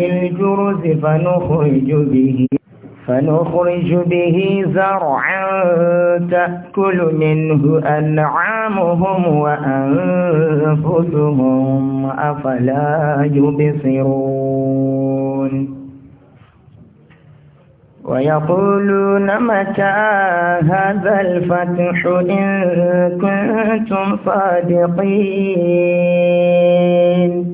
الجرز فنخرج به فنخرج به زرعا تأكل منه أنعامهم وأنفسهم أفلا يبصرون ويقولون متى هذا الفتح إن كنتم صادقين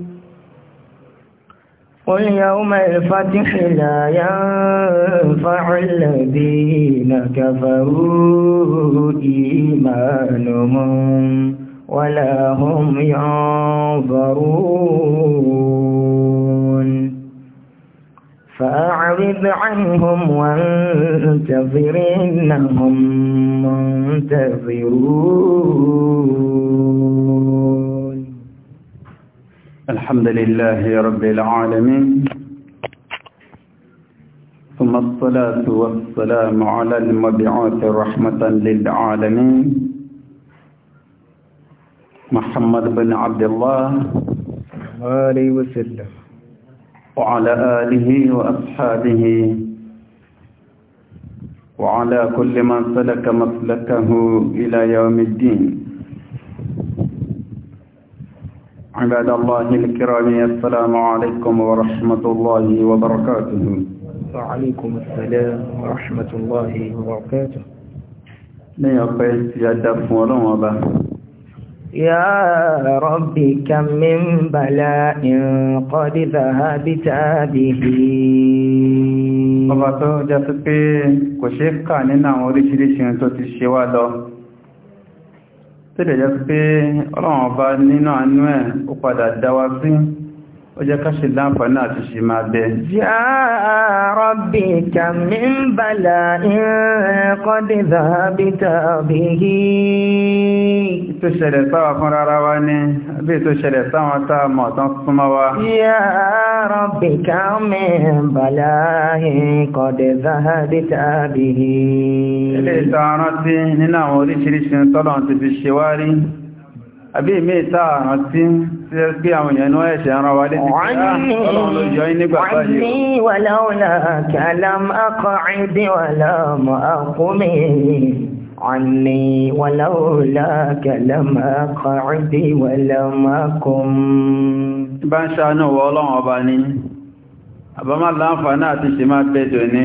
قل يوم الفتح لا ينفع الذين كفروا إيمانهم ولا هم ينظرون فأعرض عنهم وانتظر إنهم منتظرون الحمد لله رب العالمين ثم الصلاة والسلام على المبعوث رحمة للعالمين محمد بن عبد الله عليه وسلم وعلى آله وأصحابه وعلى كل من سلك مسلكه إلى يوم الدين عباد الله الكرام السلام عليكم ورحمة الله وبركاته وعليكم السلام ورحمة الله وبركاته نيقف يدف ونوبة يا ربي كم من بلاء قد ذهبت به وقتو جسد في كشيخ كاننا نعم، ورشد شنطة الشوالة tó lè jẹ́ pé ọlọ́run ọba nínú àánú ẹ̀ ó padà dáwà sí ó jẹ́ ká ṣe láǹfààní àti ṣe máa bẹ. yá rọ́bì kàmí ń bàlá ìrẹ́kọ́dé zàbítà bìí. tó ṣẹlẹ̀ ilé ìta rántí nínú àwọn oríṣìíríṣìí tọ́lọ̀ ti fi ṣe wá rí àbí ìmé rántí tí ó gbé àwọn èèyàn ẹ̀ṣẹ̀ ara wa lé ti pé ah, ọlọ́run ló yọ nígbà báyìí أقعد ولم أقم bá ń ṣàánú wọ ọlọ́run ọba ní àbámá láǹfà náà ti ṣe máa bẹ́ẹ̀dọ̀ ní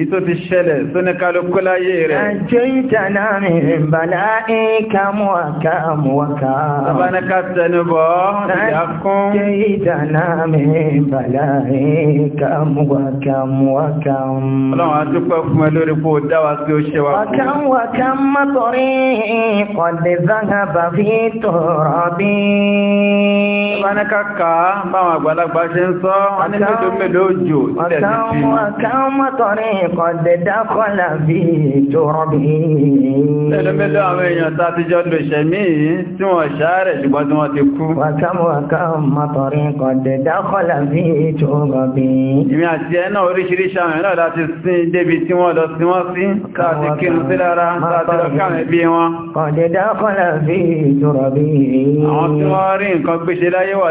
ìtò ti ṣẹlẹ̀ sóní kálukú láyé rẹ̀. àjẹ́ ìtànà mi bàlá ìka mú àká mú àká. ìyàkún. àjẹ́ ìtànà mi bàlá ìka mú ọlọ́run a dúpẹ́ fún ẹ lórí kó dá sí ó ṣe àgbàlagbà ṣe ń sọ wọn ní mélòó mélòó jò sílẹ̀ sí i. wàká wàká mọ́tòrí قد دخل في تربه ẹlẹ́mẹ́lẹ́ àwọn èèyàn tàbíjọ́ lò ṣẹ̀mí tí wọ́n ṣàárẹ̀ ṣùgbọ́n tí wọ́n ti kú wàkàmùwàkà mọ́tọ̀rin قد دخل في تربه ìmì àti ẹ̀nà oríṣiríṣi àwọn sin débi tí wọ́n lọ sí wọ́n sí káàkiri kírun sí lára láti lọ káàmì bí wọn قد دخل في تربه àwọn tí wọ́n rí nǹkan gbéṣe láyé wà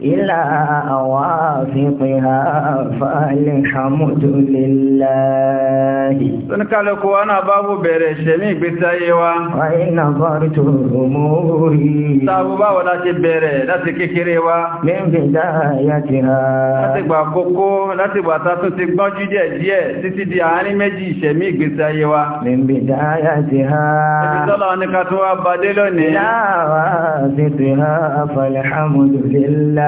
إلى أوافقها فالحمد لله ونكالك وانا بابو برشمي بتايوا وإن نظرت أموري تابو بابو لا تبري لا تككريوا من بدايتها látìgbà kókó látìgbà tátún ti gbọ́n jú díẹ̀ díẹ̀ títí di àárín méjì ìṣẹ̀mí ìgbésí ayé wa. min bidayatiha. ibi tọ́lọ ní ká tún wá bàdé lónìí. láàrá títí ha falhamdulillah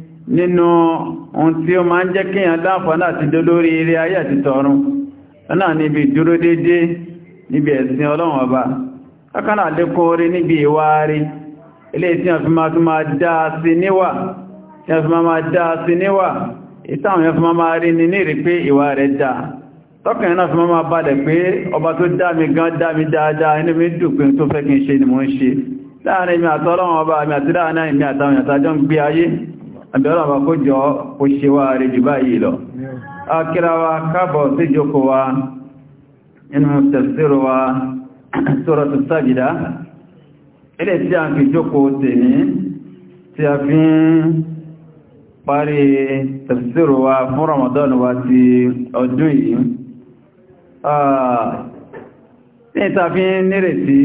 nínú ohun tí ó máa ń jẹ́ kíyàn láǹfààní àti dolórí eré ayé àti tọ̀run náà níbi ìdúró dédé níbi ẹ̀sìn ọlọ́run ọba kákànà àdékún orí níbi ìwà rí ilé tí wọ́n fi máa tún máa dáa sí níwà tí wọ́n fi máa máa dáa sí níwà ìtàwọn yẹn fi máa rí ní ní rí pé ìwà rẹ̀ dáa tọ́kàn náà fi máa balẹ̀ pé ọba tó dá mi gan dá mi dáadáa inú mi dùn pé tó fẹ́ kí n ṣe ni mo ń ṣe láàrin mi àtọ́lọ́run ọba mi àti láàrin mi àtàwọn ìyàtàjọ́ ń gbé ayé àbẹ̀rẹ̀ àwọn àkójọ kò ṣe wá rí jù báyìí lọ. a kíra wa kábọ̀ sí jókó wa inú tafsir wa suratu sajida ilé tí a fi jókó tèmi tí a fi ń parí tafsir wa fún ramadan wa ti ọdún yìí ní ìtàfi nírètí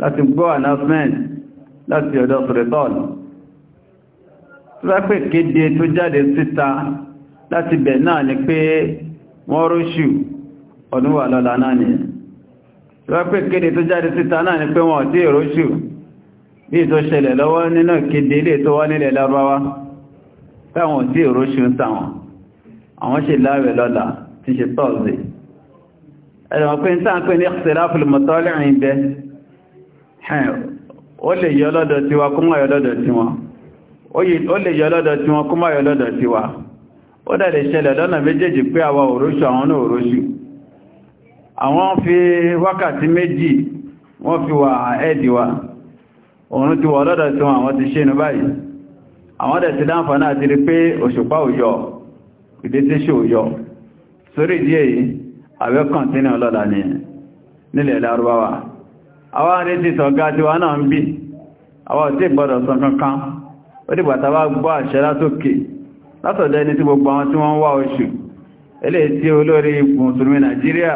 láti gbọ́ announcement láti ọ̀dọ̀ sọ̀rẹ̀tọ́ọ̀lù tó bá pè kéde tó jáde síta láti bẹ̀ náà ni pé wọ́n róṣù ọdún wà lọ́la náà ni tó bá pè kéde tó jáde síta náà ni pé wọ́n tí róṣù bí tó ṣẹlẹ̀ lọ́wọ́ nínú kéde ilé tó wá nílẹ̀ lárúbáwá ẹ̀rọ pé ní ṣẹlá fìlìmọ̀tọ́lẹ̀ O lè yọ lọ́dọ̀ tí wa kó má yọ lọ́dọ̀ tí wọn ó yọ lọ́dọ̀ tí wa ó dẹ̀ lè ṣẹlẹ̀ lọ́nà méjèèjì pé fi wákàtí méjì wọ́n fi wà ẹ́dì wa òun ti wọ lọ́dọ̀ tí wọn àwọn ti ṣe inú báyìí àwọn dẹ̀ ti dáǹfà ti àwọn àrètí tọ̀gá tí wọ́n náà ń bí àwọn òtí gbọ́dọ̀ sọ kankan ó dìgbà tàbá gbọ́ àṣẹ látókè látọ̀dọ̀ ẹni tí gbogbo àwọn tí wọ́n wá oṣù eléyìí tí olórí mùsùlùmí Nàìjíríà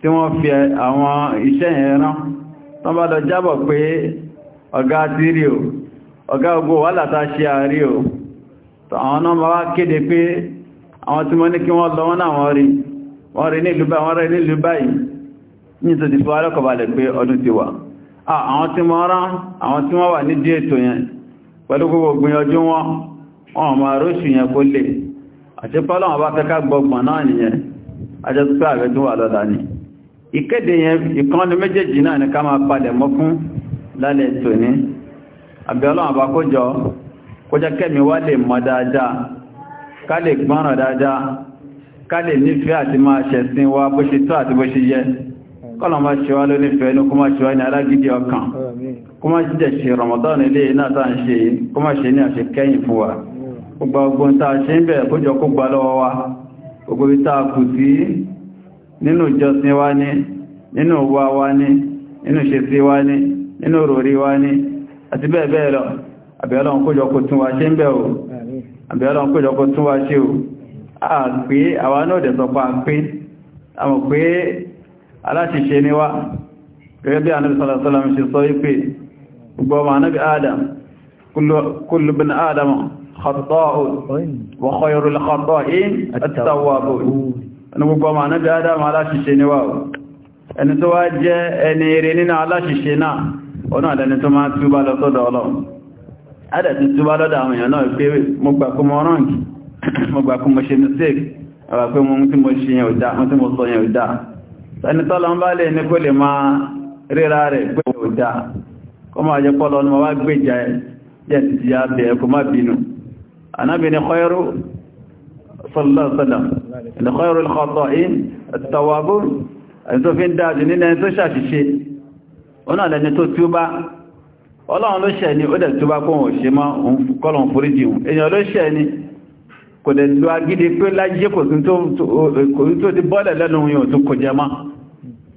tí wọ́n fi àwọn iṣẹ́ yẹn rán tán bá lọ jábọ̀ pé ọ̀gá ti rí o ọ̀gá ogbó wà látà ṣe àárí o àwọn náà ma wá kéde pé àwọn tí wọ́n ní kí wọ́n lọ wọ́n náà wọ́n rí wọ́n rí nílùú báyìí ní tó ti fi wá lọ́kọ̀balẹ̀ pé ọdún ti wà àwọn tí wọ́n rán àwọn tí wọ́n wà ní díẹ̀ tó yẹn pẹ̀lú gbogbo gbìyànjú wọn wọn ma róṣù yẹn kó lè àti pọ́lọ́wọ́n bá fẹ́ká gbọgbọ̀n náà nìyẹn ajẹ́túpẹ́ ààrẹ tó wà lọ́la ni ìkéde yẹn ìkànnì méjèèjì náà ni ká máa padẹ̀ mọ́ fún lálẹ́ tòní àbíọ́lọ́wọ́n bá kó jọ kó jẹ́ kẹ́mi wa bó ṣe tó àti bó kọ́lọ̀ máa ṣe wá ló nífẹ̀ẹ́ inú kó máa ṣe ní alágídí ọkàn kó jíjẹ̀ ṣe Ramadan ilé náà tàà ń ṣe kó máa ṣe ní àṣẹ kẹ́yìn fún wa gbogbo ọgbọ́n tàà ṣe ń bẹ̀ kójọ kó gbà lọ́wọ́ wa gbogbo bí tàà kù sí nínú ìjọsìn wa ní nínú wa wa aláṣìṣe ni wá gẹ́gẹ́ bí anábi sọ́lọ́sọ́lọ́m ṣe sọ wípé gbọmọ̀ anábi adam kullu bin adam khata'un wa khayrul khata'in at-tawwabun ẹni gbọmọ̀ anábi adam aláṣìṣe ni wá ẹni tó wá jẹ́ ẹni eré nínú aláṣìṣe náà ọ̀nà àdẹni tó máa túbá lọ sọ́dọ̀ ọlọ́run adẹ̀tí túbá lọ́dọ̀ àwọn èèyàn náà pé mo gbà kó mọ́ ránkì mo gbà kó mo ṣe mistake àwà pé mo tí mo ṣe yẹn ò dá ẹni tọ́lọ ń bá lè ní kó lè máa ríra rẹ̀ pé ò dá kó máa jẹ́ pọ́lọ ní wá gbèjà jẹ́ ti ti ya bẹ̀ ẹkù má bínú anábi ni khairu sallallahu alaihi wasallam ni khairu al-khata'in at-tawwabun ẹni tó fi ń dáadì nínú ẹni tó ṣàṣìṣe ọ̀nà lẹni tó túbá ọlọ́run ló ṣẹ̀ ni ó dẹ̀ túbá kó wọn ṣe máa kọ́lọ̀ foríjì hùn èèyàn ló ṣẹ̀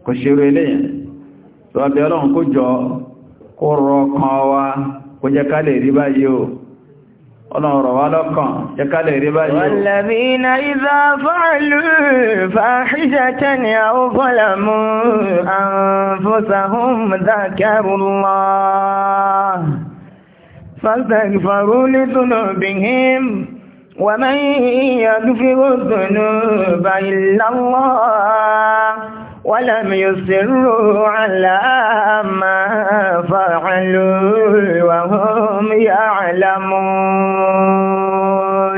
kò ṣeré eléyìn tó ọbẹ̀ ọlọ́run kó jọ kó rọ kan wa kó jẹ́ ká lè rí báyìí o ọlọ́rọ̀ wá lọ́kàn jẹ́ ká lè rí báyìí o wàlàbína فاستغفروا لذنوبهم ومن يغفر الذنوب إلا الله ولم يسروا على ما فعلوا وهم يعلمون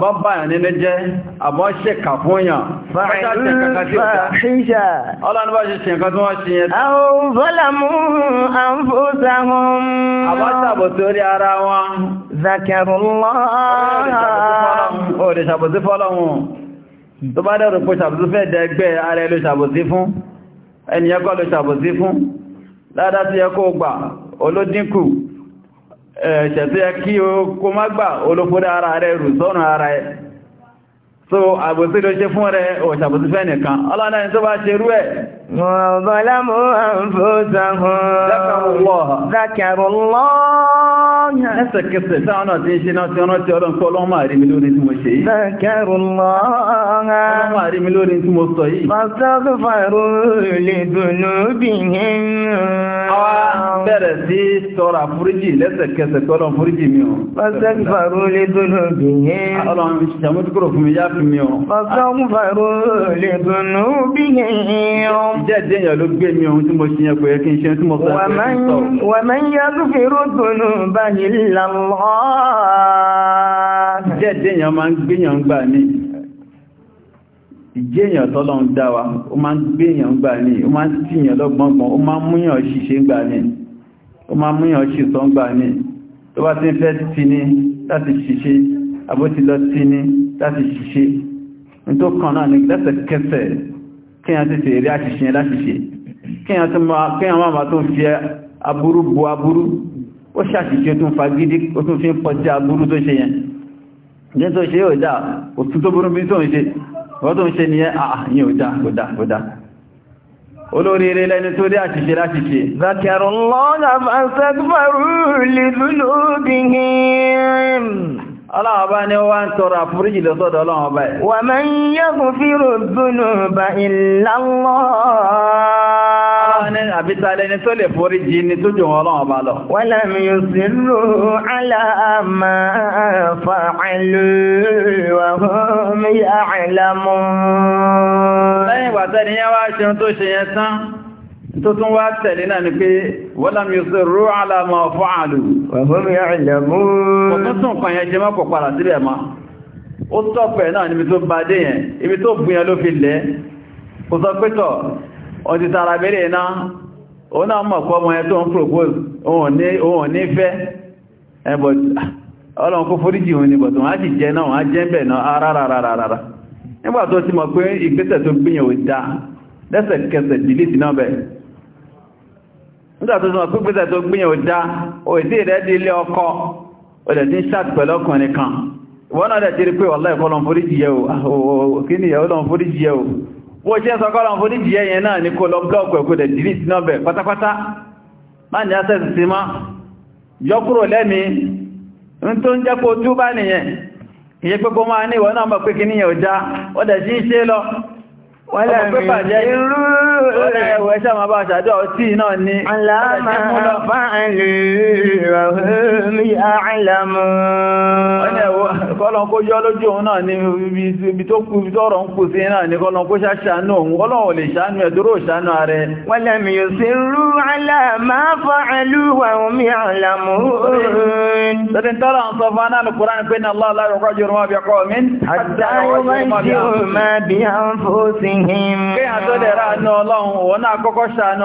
àbọ́ báyàn nínú jẹ́ àbọ́ ṣẹ̀kà fún yàn fàíṣà ọlọ́nubá ṣe ṣe nǹkan tí wọ́n ṣe yẹn àwọn bọ́làmú àǹfóṣàhùn àbọ́ sàbò sórí ara wọn zakẹrùnlọ́ ẹniyàn kọ́ ló ṣàbòsí fún ládá tí ẹ kó gbà olódínkù ẹ̀ṣẹ̀ tó yẹ kí o kó má gbà olófódá ara rẹ̀ rù sọ́nà ara ẹ̀ so àbòsí ló ṣe fún rẹ òṣàbòsí fẹ́ nìkan ọlọ́nà ẹni tó bá ṣe rú ẹ̀ وظلموا أنفسهم ذكروا الله ذكروا الله ẹsẹ̀kẹsẹ̀ táwọn náà ti ń ṣe náà tí ọ̀nà tí ọlọ́nkọ́ ọlọ́mọ àrími lórí tí mo ṣe yìí ذكروا الله ọlọ́mọ àrími lórí tí mo sọ yìí فاستغفروا لذنوبهم àwa bẹ̀rẹ̀ sí tọrọ àforíjì lẹ́sẹ̀kẹsẹ̀ tọrọ àforíjì mi ò فاستغفروا لذنوبهم ọlọ́run ṣàmójúkúrò fún mi yá f ni ọ. Fọ́sọ́gbọ̀rú lè dùnú bí i ọ. Ìjẹ́dé èèyàn ló gbé mi ohun èèyàn tọ́lọ ń dá wa, ó máa ń gbéyàn gbà ní, ó máa ń tíyàn lọ́gbọ̀ngbọ̀n, ó máa ń múyàn ṣiṣẹ́ gbà ní, ó máa ń múyàn ṣìtọ́ gbà ní, tó bá ti ń fẹ́ ti ní láti ṣiṣẹ́ àbótí lọ sí ní láti ṣiṣẹ́ ní tó kàn náà ní lẹ́sẹ̀kẹsẹ̀ kí a tètè rí àṣìṣe láṣìṣe kí a máa máa tó ń fi aburú bu aburú ó ṣàṣìṣe tó ń fa gidi ó tún fi ń pọjá aburú tó ṣe yẹn ní tó ṣe ò dáa òtún tó burú bí tó ń ṣe wọ́n tó ń ṣe nìyẹn àyìn ò dáa kò dáa kò dáa olóríire lẹ́ni tó rí àṣìṣe láṣìṣe. zakarun lọ́nà fàṣẹ́gbàrú lè lúlò bí i Ọlọ́run ọba ni wá ń tọrọ àforíjì lọ sọ́dọ̀ ọlọ́run ọba ẹ̀. Wa man yaghfiru dhunuba illa Allah. Ọlọ́run ní àbítalẹ̀ ni tó lè foríjì ni tó jù wọn tó tún wá tẹ̀lé náà ni pé walam yusirru ala ma fa'alu wa hum ya'lamun kò náà mọ̀ ẹ tó ń propose ní fẹ́ ọlọ́run kó òun ni bọ̀tún á jì jẹ́ náà á jẹ́ bẹ̀ náà ah, rárárárárá nígbà tó ti mọ̀ pé ìgbésẹ̀ tó gbìyàn ò lẹ́sẹ̀kẹsẹ̀ dìlítì náà bẹ̀rẹ̀ nígbà tó sọ pípẹ́sẹ̀ tó gbìyàn ò dá òdí rẹ̀ di ilé ọkọ òdẹ̀ tí ń ṣàtì pẹ̀lú ọkùnrin kan ìwọ́n náà dẹ̀ ti rí pé wallahi kọ́lọ̀n forí jìyẹ ni ìyàwó lọ́n forí jìyẹ o bó ṣe sọ kọ́lọ̀n forí jìyẹ yẹn náà ní kó lọ blọ́ọ̀kù ẹ̀kú dẹ̀ dìrí sí náà bẹ̀ pátápátá máa ní ìwọ́n náà mọ̀ pé kí ni ìyàwó já ó sí ń ṣe lọ Kọ́lọ̀n kó yọ́ lójú òun náà ni ibi tó kú ibi tọ́rọ ń kú sí náà ni kọ́lọ̀n kó ṣàṣánú yóò sí rú aláàmá fa'alú wà omi àlàmú orin. Tọ́dín tọ́rọ ń sọ fún anáàlù Kùránì pé ní Allah láàrùn kọjú bihim. Kéyàn tó lè ránú ọlọ́run, òun náà kọ́kọ́ ṣàánú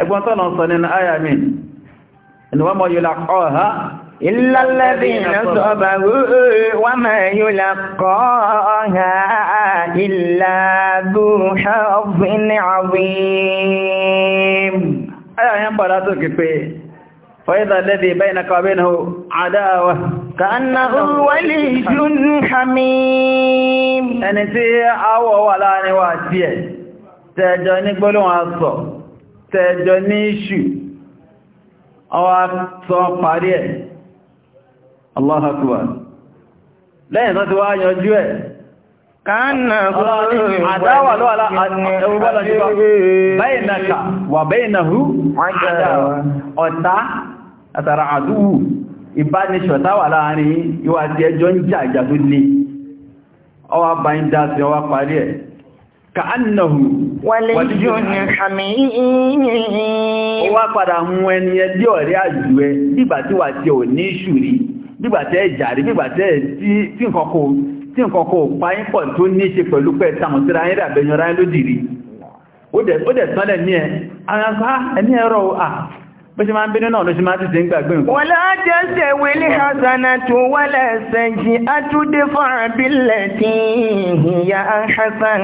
ẹgbọ́n tọ́nà sọ nínú àyà mi inú wọ́n mọ̀ yóò lákọ́ ha ìlàlẹ́bìnà sọ́bà wọ́n mọ̀ yóò lákọ́ ha ìlàbù ọ̀fìn àwìn àyà yẹn padà tó kìpé فإذا الذي بينك وبينه عداوة كأنه ولي حميم ẹni tí àwọ̀ wà láàrin wa díẹ̀ tẹ́jọ ní ìṣù ọwá sọ parí ẹ̀ Allahu Akbar lẹ́yìn tó ti wá yanjú ẹ̀ kánà àdáwà lọ́wà láàrín baynaka wa baynahu àdáwà ọ̀tá àtàrà àdúwù ìbánisọ̀tá wà láàrín ìwà àti ẹjọ́ ń jà ìjà tó lè ọwá bá ọwá parí ẹ̀ kàánàhù wàlíjọ́nì ó wá padà mú ẹni ẹdí ọ̀rẹ́ àjù ẹ bígbà tí wà tí ò ní ṣùrí bígbà tí ẹ jàrí bígbà tí ẹ tí nǹkankan tí nǹkankan ò páyín pọ̀ tó ní ṣe pẹ̀lú pẹ̀ tàwọn síra ayé ràbẹ̀yàn ráyé lódìrí bó ṣe máa ń bínú náà ló ṣe máa ti ṣe ń gbàgbé nǹkan. wọ́n lájẹ́ ṣe wílé hasanatu wọ́n lẹ́sẹ̀ jí atúndé fún àbílẹ̀ tí ìyá hasan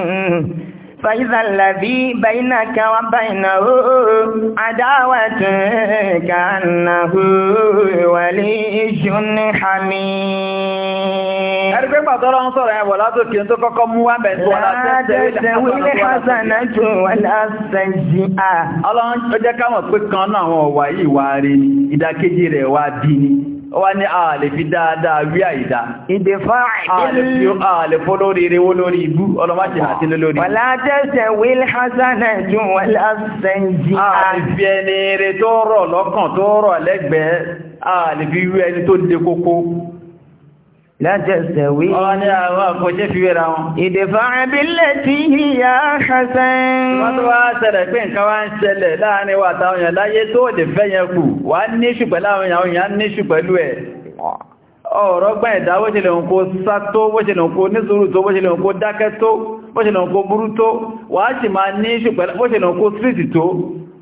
فإذا الذي بينك وبينه عداوة كأنه ولي حميم ẹgbẹ́ pàtọ́rọ̀ ń sọ̀rọ̀ ẹ̀wọ̀ látòkè tó kọ́kọ́ mú wá bẹ̀rẹ̀ tó wà látẹ́sẹ̀ wílé hasana tó wà lásẹ̀jì à wá ní ààlè fi dáadáa wí àìdá. ìdèfà ààlè a lórí ríwó lórí ibú ọlọ́májì àti lórí. wàlá tẹ́sẹ̀ wíl hasana jù wàlá sẹ́njì. ààlè fi ẹni rẹ̀ tó rọ̀ lọ́kàn tó rọ̀ lẹ́gbẹ̀ẹ́ ààlè fi wí ẹni tó dé kókó látẹ̀sẹ̀wí. ọ̀rọ̀ ni àwọn àkójẹ́ fi wéra wọn. ìdèfà ẹbílẹ̀ tí ìyá ṣàṣẹ́n. wọ́n tó wá ṣẹlẹ̀ pé nǹkan wá ń ṣẹlẹ̀ láàrin wa táwọn èèyàn láyé tó lè fẹ́ yẹn kù wá níṣù pẹ̀lú àwọn èèyàn níṣù pẹ̀lú ẹ̀ ọ̀rọ̀ gbọ́n ẹ̀dá wọ́jẹ̀lẹ̀ òǹkó sá tó wọ́jẹ̀lẹ̀ òǹkó nísòrò tó wọ́jẹ̀lẹ̀ òǹkó dákẹ́ tó wọ́jẹ̀lẹ̀ òǹkó burú tó wàá sì máa ní ṣùgbọ́n wọ́jẹ̀lẹ̀ òǹkó síìtì tó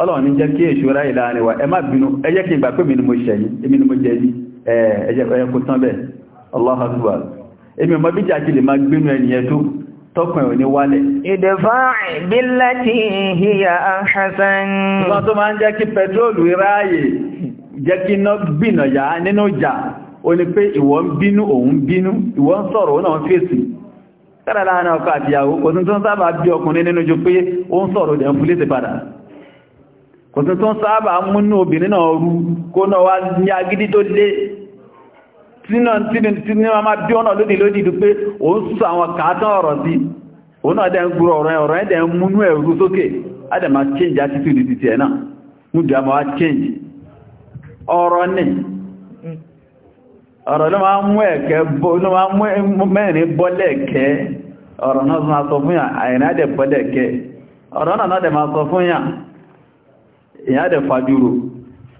ọlọ́run ní jẹ́ kí èṣù ráyè wa ẹ má bínú ẹ jẹ́ kí n gbà pé mi ni mo ṣẹ̀yí èmi ni mo jẹ́ ní ẹ̀ẹ́jẹ́ kó tán bẹ́ẹ̀ Allahu Akbar èmi ọmọ bíjà kí lè máa gbínú ẹniyẹ tó tọ́kùn ẹ̀ ní wálẹ̀. idfa' billati hiya ahsan. wọ́n tó máa ń jẹ́ kí pẹtrólù ráyè jẹ́ kí iná gbìnà yá nínú ìjà ó ní pé ìwọ ń bínú òun bínú ìwọ ń sọ̀rọ̀ ó náà fèsì kára láàrin ọkọ àtìyàwó kò tó tún sáábà múnú obìnrin náà rú kó náà wá ní agídí tó lé tínú bí ọ̀nà lónìí lónìí dúpé ó ń sọ àwọn kàátán ọ̀rọ̀ sí òun náà dẹ̀ ń ọ̀rọ̀ ọ̀rọ̀ ẹ̀dẹ̀ ń múnú ẹ̀rú sókè náà múdù àmọ́ ọ̀rọ̀ ní ọ̀rọ̀ ló máa mú ẹ̀kẹ́ sọ fún yà èyàn dẹ̀ fàdúrò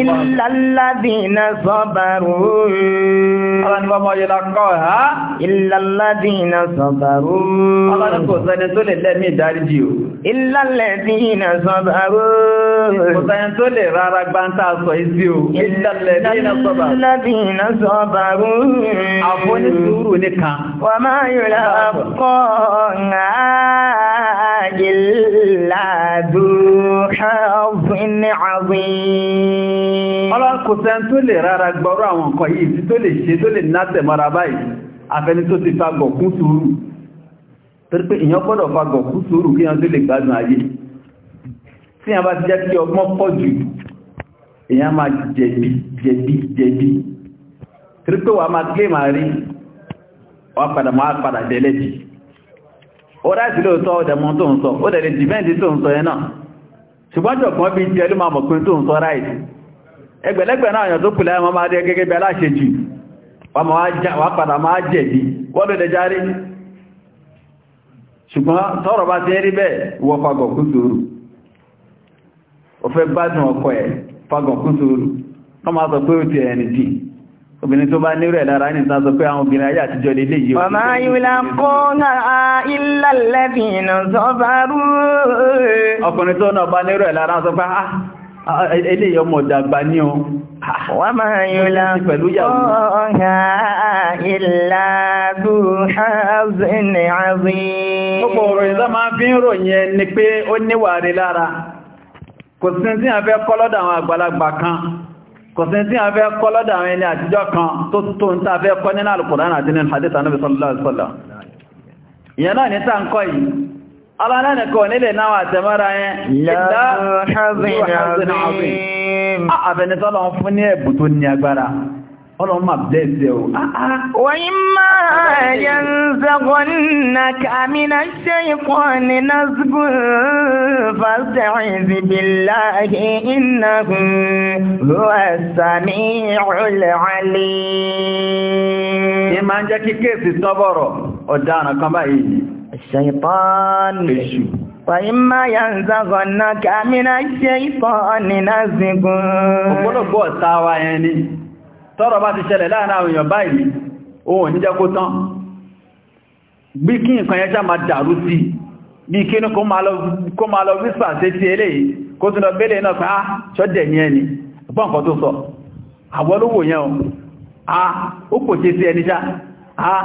ìlàládìínà sọ́bàrú. Ọlá ni bọ́mọ yìí lọ́kọ́ ha? Ìlàládìínà sọ́bàrú. Ọlá ni kò sẹ́ni tó lè lẹ́mí ìdáríjì o. Ìlàládìínà sọ́bàrú. Kò sẹ́ni tó lè rárá gbáǹtà sọ ìsí o. Ìlàládìínà sọ́bàrú. Ìlàládìínà sọ́bàrú. Àfọ́ní sùúrù nìkan. Wà máa yọ̀lá kọ́ ìlàdù حظ عظيم ọlọ́run kò sẹ́n tó lè rárá gbọ́rọ̀ àwọn nǹkan yìí tí tó lè ṣe tó lè násẹ̀ mara báyìí afẹni tó ti fa gọ̀kún sùúrù torí pé èèyàn gbọ́dọ̀ fa gọ̀kún sùúrù kí èèyàn tó lè gbádùn ayé tí a bá ti jẹ́ kí ọgbọ́n pọ̀ jù èèyàn máa jẹ̀bi jẹ̀bi jẹ̀bi torí pé wàá máa gbé màá rí wàá padà máa padà dẹ́lẹ́bi ó dájú lóòótọ́ ọ̀dẹ̀mọ́ tó ń sọ ó dẹ̀ lè dìbẹ́ǹdì tó ń sọ yẹn náà ṣùgbọ́n jọ̀kan bíi máa mọ̀ pé tó ń sọ ẹgbẹ̀lẹ́gbẹ̀ náà yàn tó kùlẹ̀ ẹmọ máa dé gẹ́gẹ́ bí aláṣejù wà padà máa jẹ̀bi wọ́n lè járí ṣùgbọ́n tọ́rọ̀ bá ti rí bẹ́ẹ̀ wọ obìnrin tó bá nírẹ̀ lára ní ìta pé àwọn obìnrin ayé àtijọ́ ọmọ ayúlá ọkùnrin ilé ọmọ ìdàgbà ní ọ. Wọ́n máa yóò lápọ̀ọ́ha ìlàdú ṣáàzìnì àzí. Gbogbo Kò sí tí a fẹ́ kọ́ lọ́dọ̀ àwọn ẹni àtijọ́ kan tó tó ń tàfẹ́ kọ́ nínú al àti nínú Hadith Ànábì sallallahu Ìyẹn náà ní tàǹkọ́ yìí, abánánà kọ̀ nílẹ̀ náà àtẹ́mọ́ra yẹn ìdá àbẹnitọ́lọ̀ ah, fún ní ẹ̀bù tó ní agbára ọlọ́run máa bẹ́ẹ̀sẹ̀ o ah, ah. wọ́yí máa yẹ ń zẹ́gọ́n na kàmínà ṣe ikọ̀ ní násìkò fásitì bíláàhì ìnàkùn lọ́wọ́ sàmì ìrọ̀lẹ̀ الشيطان Fàyímá ya ń zàgọ̀ náà kí a mìírà ṣe ìfọ́ ọ̀nì náà zigun. Ògbólógbò ọ̀tá wa yẹn ni, tọ́rọ bá ti ṣẹlẹ̀ láàrin àwọn èèyàn báyìí, ohun ní jẹ́ kó tán. Bí kí nǹkan yẹn já máa dàrú sí, bí kí ní kó máa lọ wípà sí ti eléyìí, kó ah, ṣọ́dẹ̀ ni ẹni, ah, sí ẹni ṣá, ah,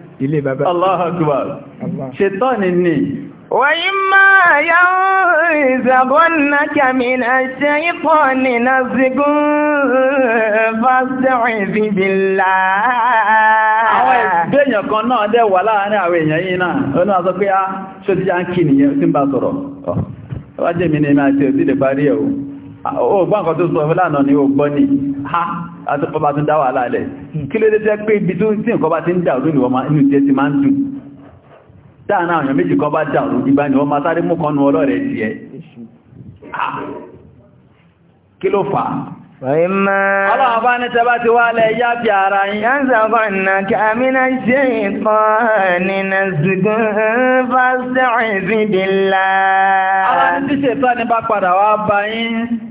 ilé bàbá Allah Akbar ṣetán ni وإما ينزغنك من الشيطان نزغ فاستعذ بالله àwọn ẹgbẹ́ kan náà dẹ̀ wà láàárín àwọn èèyàn yìí náà ọ̀nà àzọ pé á ah, ṣó ti já ń kí nìyẹn tí bá sọ̀rọ̀ ọ̀wájẹ́ mi ọgbọ́n nǹkan tó sọ fẹ́lànà ni ó gbọ́ ní ha àti pọba tó dá wà kí ló dé pé ibi tó tí nǹkan bá ti ń dàrú ní wọ́n inú jẹ́ ti máa ń dùn dáàna àwọn méjì kan bá dàrú ìgbà ni wọ́n sáré mú kan nú ti ṣe ìtọ́ nínà bá padà wá bá yín.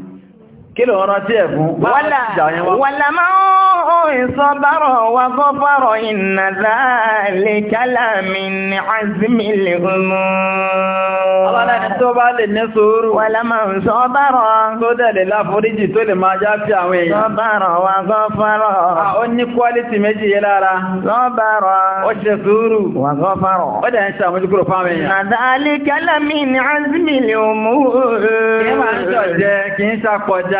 kí ló rántí ẹ̀ fún wàlá máa ń sọ́bárọ̀ wà gọ́fàrọ̀ iná láàlẹ̀ kálàmì ní àzímì lè hùnmù ọlọ́lẹ́ni tó bá lè ní sùúrù wàlá máa ń sọ́bárọ̀ tó dẹ̀lẹ̀ láforíjì tó lè máa já sí àwọn èèyàn sọ́bárọ̀ wà gọ́fàrọ̀ ó ní kwálítì méjì yé lára sọ́bárọ̀ ó ṣe sùúrù wà gọ́fàrọ̀ ó dẹ̀ ń ṣàmójúkúrò fáwọn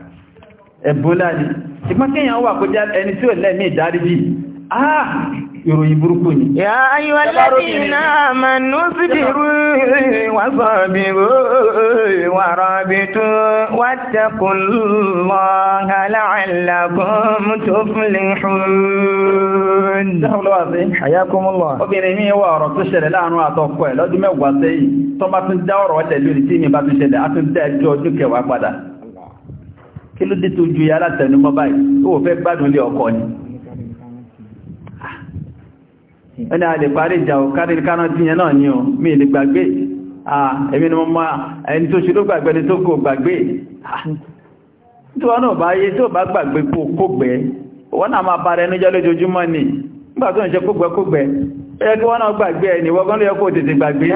ẹ̀bọ́lá ni ìpákẹ́yàn wà kó já ẹni tí ó lẹ́mí ìdáríjì ah ìròyìn burúkú ni ya ayyuhalladhina amanu sabiru wa sabiru wa rabitu wattaqullaha la'allakum tuflihun wà ọ̀rọ̀ tó ṣẹlẹ̀ láàrin àtọ́kọ́ ẹ̀ lọ́dún tó bá tún kí ló dé tó ju yàrá tẹnumọ́ báyìí ó fẹ́ gbádùn lé ọkọ ni ẹni a lè parí ìjà ò kárí káná náà ni o mi lè gbàgbé ẹ̀mí ni mo máa ẹni tó ṣe ló gbàgbé ni tó kò gbàgbé tí bá yé tó bá gbàgbé kógbẹ́ wọ́n náà máa bá rẹ níjọ́ ni nígbà tó ń ṣe kógbẹ́kógbẹ́ kí wọ́n náà gbàgbé ẹni wọ́gán ló kó tètè gbàgbé.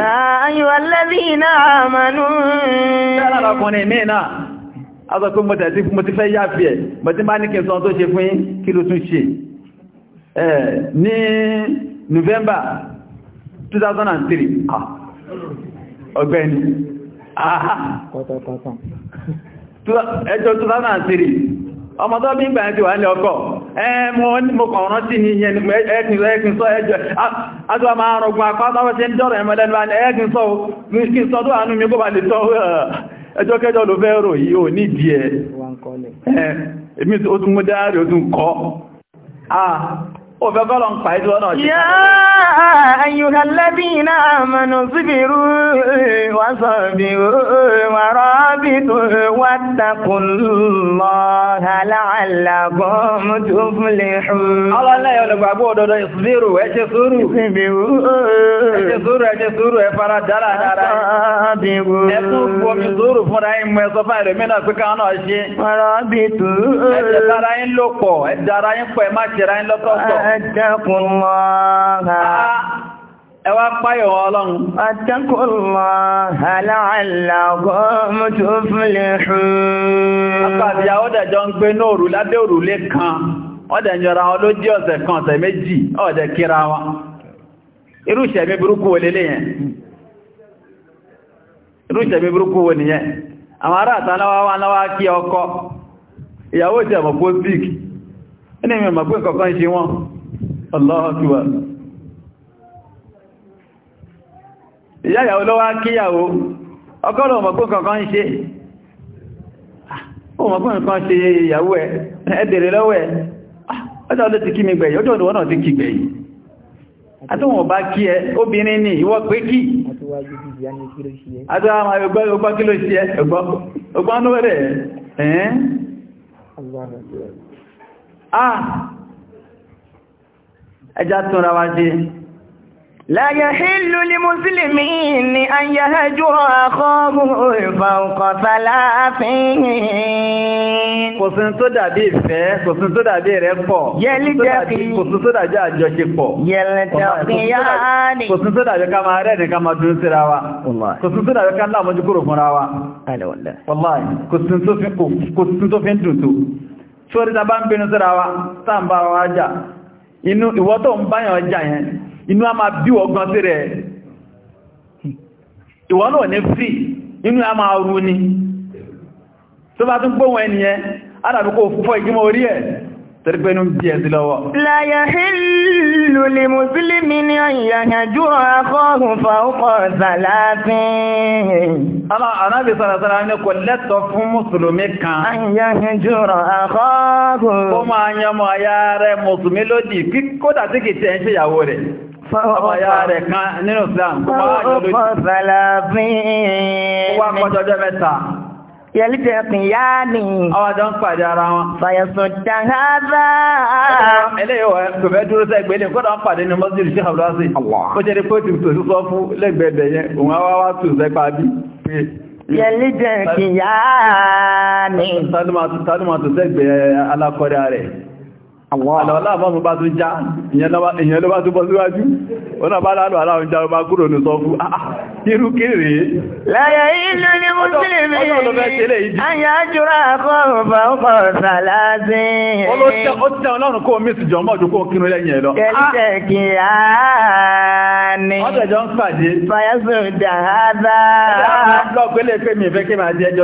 azọ pé mọ̀tẹ̀ tí mo ti fẹ́ yáfi ẹ̀ mọ̀tí bá ní kí n sọ tó ṣe fún kí ló tún ṣe ní November 2003 ọgbẹ́ni ẹjọ́ 2003 ọmọ tó bí ń gbàyàn ti wà ní ọkọ̀ ẹmọ kàn rántí ní ìyẹn ẹkùn ẹjọ́ ẹjọ́ kẹjọ ló fẹ́ rò yìí ò nídìí ẹ̀ èmi ó tún mú dáárì ó tún kọ́ ah, òfẹ́ kọ́lọ̀ ń pàá ìdíwọ́n náà jẹ́ yá ayyuha alladhina amanu sabiru wa sabiru wa rabitu wattaqullaha la'allakum tuflihun ọlọ́lẹ́ olùgbàgbọ́ òdodo ìsìbìrù ẹ ṣe sùúrù ẹ ṣe sùúrù ẹ ṣe sùúrù ẹ fara dára dára ẹ tún fomi sùúrù fúnra ìmú ẹ sọfá ìròmínà píkà náà ṣe ẹ ṣe dára yín lòpọ̀ ẹ dára yín pọ̀ ẹ má ṣe ra yín lọ́tọ̀ọ̀tọ̀ Attakun Allaha. Ẹ wá páyọ̀ ọlọ́run. Attakun Allaha la'allakum tuflihun. Àpàdé ń gbé ọ̀sẹ̀ kan méjì kíra burúkú wo ọkọ. Ìyàwó pọ̀ mi mọ̀ pé kọ̀kan ṣe Allah akíwà ìyá ìyàwó wá kíyàwó ọkọ́lọ̀ ọmọkún kankan ṣe ọmọkún ah, nǹkan ṣe ìyàwó ẹ̀ ẹ̀dẹ̀rẹ̀ lọ́wọ́ ah, ti ti ẹ obìnrin ní ìwọ pé kí àtúnwọ̀n àwọn ẹgbẹ́ ẹjá túnra wá sí la yahillu li muslimin an yahjura akhahu fawqa thalathin kò sí tó dàbí ìfẹ́ kò sí tó dàbí rẹ̀ pọ̀ kò sí tó dàbí àjọṣepọ̀ kò sí tó dàbí ká máa rẹ́rìn ká máa dún síra wa kò sí tó dàbí ká láàmójú kúrò inú ìwọ tó ń báyàn ọjà yẹn inú a máa bí ọgbọ́n sí rẹ̀ ìwọ náà ní a máa rú ni tó bá tún gbóhùn ẹniyẹn á dàbí kó ìgbìmọ̀ orí tẹ́rẹ́gbẹ́nu bí ẹ̀sí lọ́wọ́. láyé hìlù lè mùsùlùmí ní ìyàyàjú akọ́hùn fàúkọ̀ sàláfin. aláàbí sàrásàrá ní kò lẹ́tọ̀ fún mùsùlùmí kan. ìyàyàjú akọ́hùn. ó máa yẹmọ̀ ayá rẹ̀ mùsùlùmí lódì kí kódà tí kì í tẹ́ ń ṣe ìyàwó rẹ̀. Ọmọ ya rẹ̀ kan nínú Islam. Fọ́ọ̀kọ̀ sàláfin. Ó wá kọjọ́jọ́ mẹ́ta yẹlítẹ̀ ẹ̀kùn yá ni. ọwọ́dọ́ ń pàdé ara wọn. fàyẹ̀sùn jàǹgàbà. eléyìí wọ kò fẹ́ dúró sẹ́gbẹ̀ẹ́ ní kódà ń pàdé ní mọ́sílì sí àbúrásì. ó jẹ́ ní pé tí tòṣù sọ fún lẹ́gbẹ̀ẹ́dẹ̀ yẹn òun á ni. tálùmọ̀ tó sẹ́gbẹ̀ẹ́ rẹ̀ aláwọ̀ bá tó já ìyẹn ló bá tó bọ́ síwájú ọ̀nà bá láàrùn aláwọ̀ já ọba kúrò ní sọ fún ah, ah, irú kéré láyé inú ní mùsùlùmí ayá jùrá àkọ́rùn-ún ọkọ̀ sàlázín ó tẹ́ ọlọ́run kó mí sí jọmọ́ òjòkó kínú lẹ́yìn ẹ̀lọ kẹ́lẹ́ ah! kí á ní ọdọ̀jọ́ ń pàdé fàyásùn dáadáa lọ́gbẹ́lẹ́ pé mi fẹ́ kí máa jẹ́ jọ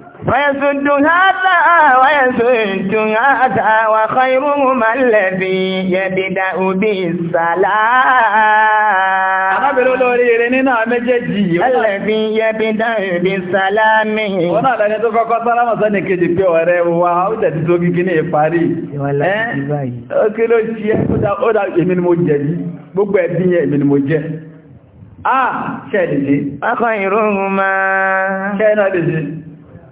ويسد هذا ويسد هذا وخيرهما الذي يبدأ بالسلام Arábìnrin olórí eré nínú méjèèjì yìí. Ẹlẹ́bí yẹbi dáìbí sálámì. Wọ́n náà lẹ́ni tó kọ́kọ́ sálámà sẹ́ni kejì pé ọ̀rẹ́ wa ó jẹ̀dí tó kíkí ní ìparí. Ó kí ló ṣe ó dá èmi ni mo jẹ̀bi, gbogbo ẹbí yẹn èmi ni mo jẹ. Ah! Ṣẹ́ẹ̀dì sí. Akọ ìròhùn máa. Ṣẹ́ẹ̀ náà lè ṣe.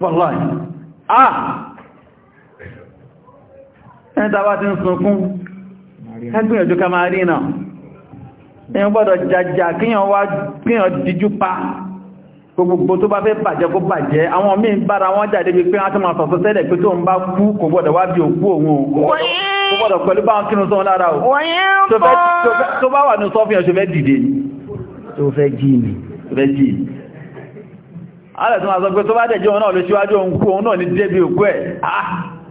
wallahi ah ẹni tàbá ti ń sunkún ẹgbìn ojú ká máa rí náà èyàn gbọ́dọ̀ jàjà kíyàn wá kíyàn díjú pa gbogbo tó bá fẹ́ bàjẹ́ kó bàjẹ́ àwọn míì bára wọn jáde bí pé wọ́n tó máa sọ̀tọ̀ sẹ́lẹ̀ pé tó ń bá kú kò gbọ́dọ̀ wá bí òkú òun kò gbọ́dọ̀ pẹ̀lú bá wọn kírun sọ́wọ́n lára o tó bá wà ní sọ́fíàn ṣe fẹ́ dìde ni tó fẹ́ jí ni ààrẹ tó máa sọ pé tó bá dẹ̀jọ́ náà ló ṣíwájú òun kú òun náà ní débi òkú ẹ̀ ah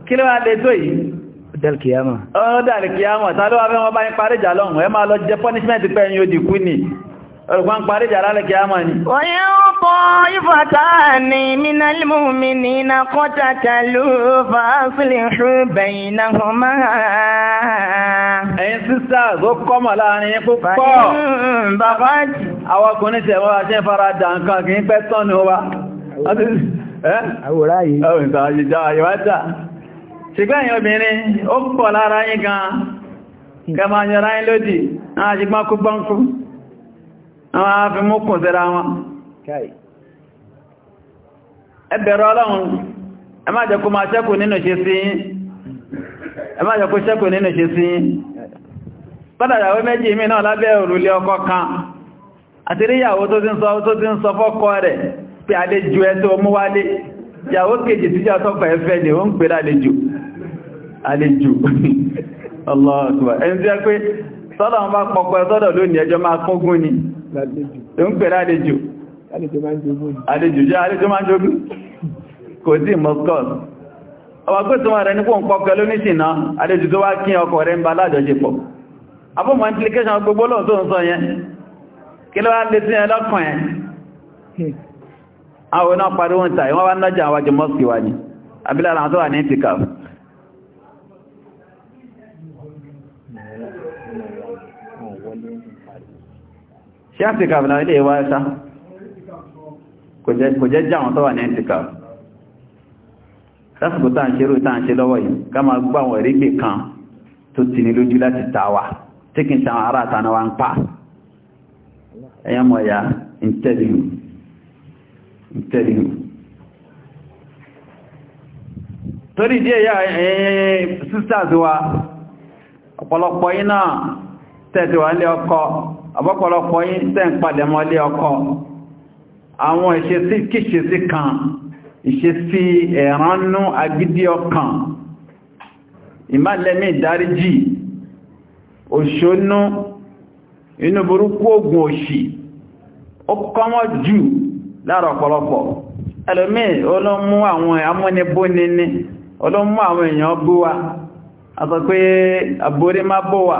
kí ló wá lè tó yìí dẹ̀lkìyàmọ̀ ọ́ dẹ̀lkìyàmọ̀ tàbí wà fẹ́ wọ́n bá ń parí jà lọ́hùn ẹ máa lọ jẹ punishment pẹ́ yóò ni Olùkwá ń parí ìjà lálẹ́ kí a máa ní. Wọ́n yóò kọ́ ìfàtà ní mínálìmù mi ní iná kọ́ta tàlú fàásìlẹ̀ ṣùgbẹ̀yìn náà hàn máa. Ẹ̀yin sísá tó kọ́mọ̀ láàrin púpọ̀. Bàbá jù. Àwọn ọkùnrin tẹ̀ wọ́n fara nǹkan kì í pẹ́ wa. Àwòrán yìí. Àwọn ìtàn àjíjà àyíwájà. Ṣìgbẹ́yìn obìnrin, ó pọ̀ lára àwọn afimúkùn síra wọn ẹbẹ̀rẹ̀ ọlọ́run ẹ má jẹ́ kó máa ṣẹ́kù nínú ṣe sí ẹ ṣẹ́kù nínú ṣe sí pátàyàwó méjì mi náà lábẹ́ òrùlé ọkọ kan àti ríyàwó tó ti ń sọ tó ti ń sọ fọ́kọ rẹ̀ pé àlejò ẹ tó mú wálé ìyàwó kejì tó ń pẹ̀lá àlejò àlejò jẹ́ àlejò máa ń jogún kò sí mọ́kọ̀ ọwà pé tó wọ́n rẹ̀ ní kó ń kọ́kọ́ lóníṣìná àlejò tó wá kí ọkọ̀ rẹ̀ ń bá lájọṣepọ̀ abúmọ̀ implication gbogbo lóòrùn tó ń sọ yẹn kí ló wá lè sí ẹ lọ́kàn ẹ̀ hmm. àwọn náà parí wọ́n tàí wọ́n wá nájà àwájọ mọ́sí wá ní abílára àwọn ṣe áfíríkà náà ilé ìwá ẹta kò jẹ́ jáwọn tó wà ní ẹ́ntìkà lásìkò tàà ń ṣe rú tàà ń ṣe lọ́wọ́ yìí ká máa gbá àwọn ẹ̀rígbè kan tó ti ní lójú láti tàwà tí kí n tàwọn ará àtàna wa ń pa ẹ̀yàn mọ̀ ya ìntẹ́lìhù ìntẹ́lìhù torí díẹ̀ yá ẹ̀yìn sisters wa àbọ́pọ̀lọpọ̀ yín tẹ́ ń padẹ̀ mọ́lé ọkọ àwọn ìṣesí kíṣesí kan ìṣesí ẹ̀ránú agídí ọkàn ìmálẹ́mí ìdáríjì òṣónú inú burúkú ogun òṣì ó kọ́mọ́ jù lára ọ̀pọ̀lọpọ̀ ẹlòmí olómú àwọn amúnibóni ní olómú àwọn èèyàn búwa àtọ́ pé àbórí má bó wa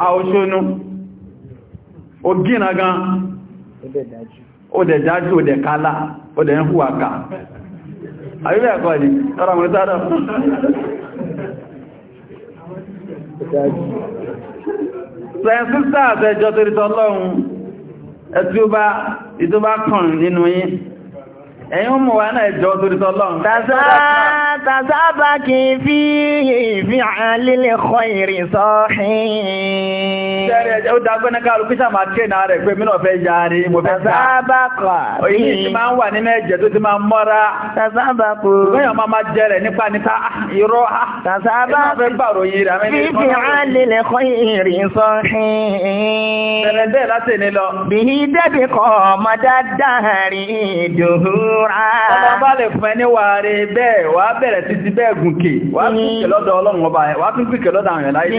a òṣónú ó gínà gan ń hùwà ká àríwẹ̀ ẹ̀kọ́ ni ọrụ mọ̀ sádọ̀ ọrụ àtẹjọ́ torí tọ́lọ́run ẹ̀tí ó bá ìtó kàn nínú yín ẹ̀yin tàzábàkì fi fi àlílẹ̀ kọ ìrì sọ́ọ̀hìn. Ṣẹ́rẹ̀ ó dágbé ní káàlù píṣà máa tẹ́ náà rẹ̀ pé mínà fẹ́ yarí mo fẹ́ ká. Tàzábàkọ̀. Òyìn ti máa ń wà nínú ẹ̀jẹ̀ tó ti máa mọ́ra. Tàzábàkọ̀. Bẹ́yàn máa máa jẹ rẹ̀ nípa níta ah, irọ́. Ah, Tàzábàkọ̀. Fi ìfi àlílẹ̀ kọ ìrì sọ́ọ̀hìn. bẹ́ẹ̀ láti ní lọ. Bìí dẹ́bì kọ̀ ọmọ dáadáa rí ìdòhúra. Ọmọ bá lè fún ẹni wà rí bẹ́ẹ̀ wá b bẹ̀rẹ̀ sí ti bẹ́ẹ̀ gùnkè wà tún kè lọ́dọ̀ ọlọ́run ọba ẹ̀ wà tún kè lọ́dọ̀ àwọn ẹ̀láyé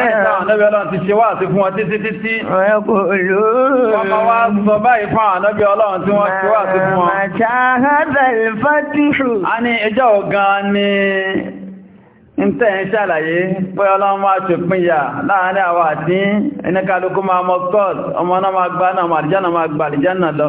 lẹ́yìn náà a ní ẹjọ́ ni ń ń ṣàlàyé pé ọlọ́run máa ṣòpinya láàárín àwọn àti ẹnikálukú máa mọ́ kọ́ọ̀tù ọmọ náà máa gbá náà màrìjánà máa gbàlìjánà lọ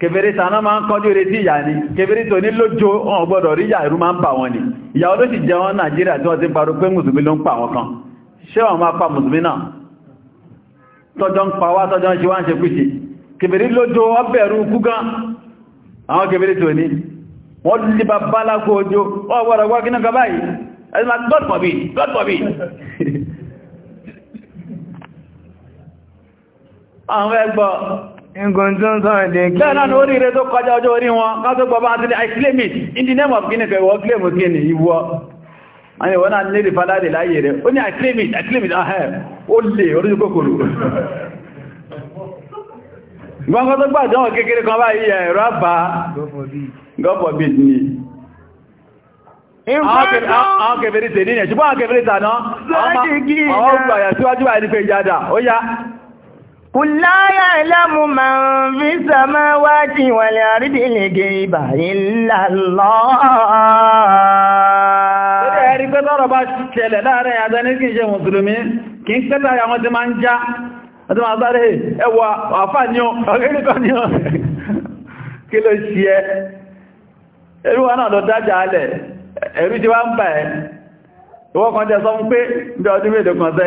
kèfèrè tàná máa ń kọjú retí ìyà ni kèfèrè tó ní lójó wọn gbọ́dọ̀ rí ìyà ìrú máa ń bà wọn ni ìyà ló sì jẹ wọn nàìjíríà tí wọ́n ti parú pé mùsùlùmí ló ń pa wọn kan ṣé wọn máa pa mùsùlùmí náà tọ́jọ́ ń pa wá tọ́jọ́ ń ṣe wá ń ṣe àwọn ẹgbọ́ nǹkan tó ń sọ̀rọ̀ dé kí bẹ́ẹ̀ náà orí rẹ̀ tó kọjá ọjọ́ orí wọn kátó gbọ́ bá ń sílẹ̀ àìsílẹ̀mì in the name of guinea kẹwọ́ kílẹ̀mù kí ni ìwọ àni wọ́n náà lè fàdádì láyé rẹ̀ ó ní àìsílẹ̀mì àìsílẹ̀mì ahẹ́ ó lè orí kòkòrò gbọ́nkọ́ tó gbà jọ́wọ́ kékeré kan báyìí ẹ̀rọ àbá gọ́pọ̀ bí ní àwọn kẹfẹ́rí tẹ̀ ní ẹ̀ ṣùgbọ́n àwọn tà náà àwọn قل لا يعلم من في السماوات والأرض الغيب إلا الله ẹ̀rí pé bá ṣẹlẹ̀ láàrin ṣe mùsùlùmí kí ń àwọn máa ń já máa sáré ẹwà àfà ní ní kí ló ṣí ẹ ẹrú wa náà lọ dájà alẹ̀ ti wá ń bà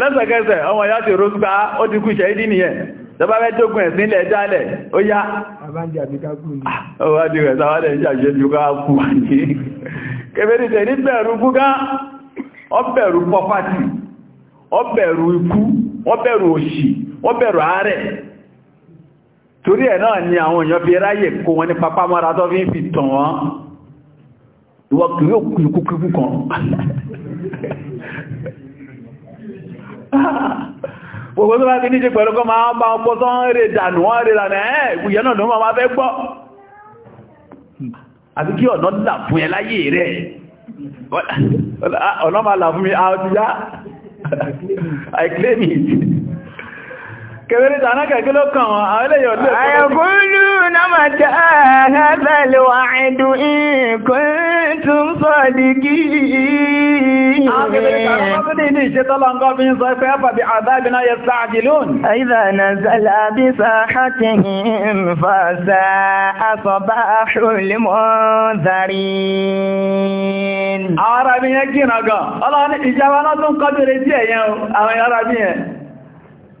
lẹ́sẹ̀kẹsẹ̀ ọmọ ìyá ti rọ́sùká ó ti kú ṣẹ̀ẹ́dì nìyẹn tọba tó gùn ẹ̀sìn ilẹ̀ jálẹ̀ ó yá ah, torí ẹ̀ náà ni àwọn èèyàn fi ráyè kó wọn ní papá mọ́ra tó fi ń fi tàn wọ́n ikú kíkú kan gbogbo tó bá ti níṣe pẹ̀lú kọ́ máa bá ọpọ́ tó ń rè dànù wọ́n rè dànù ẹ̀ ìyẹn náà ló máa fẹ́ gbọ́ àti kí ọ̀nà dà fún ẹ láyé rẹ̀ ọ̀nà máa là fún mi a كبرت انا كلكم على يقولون متى هذا الوعد ان كنتم صادقين بعذابنا يستعجلون اذا نزل بساحتهم فساء صباح المنذرين عربي يجينا قال انا اجابه قدر يجي يا عربي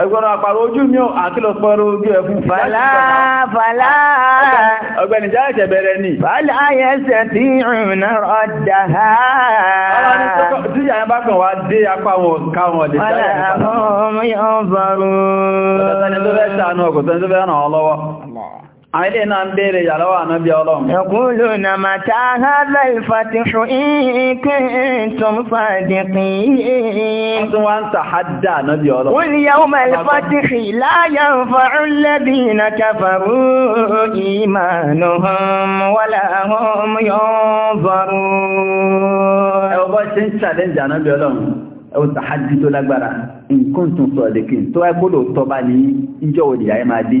ẹgbọ́n àpàrọ̀ ojú mi àkílọ̀ pọ̀rọ̀ ojú ẹ̀fún fàálà ni fàálà ayẹ́sẹ̀ tí ìrìnà ọjà ha tí yàyẹ bá kàn wá dé apá wọn káwọn lè jáyẹ̀ Àìlé náà ń bèèrè ìyàlọ́wà náà bí ọlọ́run. Ẹ̀kúnlò na máa ta hádá ìfàtíṣù ìkẹ́ ìtùn fàdìkì. Wọ́n tún wá ń ta hádá náà bí ọlọ́run. Wọ́n yà ó máa ìfàtíṣì láyà ń fa'ún lẹ́bí na kàfàrú ìmànà wọ́lá yọ́n bọ̀rú. Ẹ̀wọ́ ṣe ń challenge àná bí ọlọ́run ẹwọ tàhájí tó lágbára nǹkan tún sọ̀dẹ̀kì tó ẹgbọ́dọ̀ tọba ní ìjọ́ òdìyà ẹ máa dé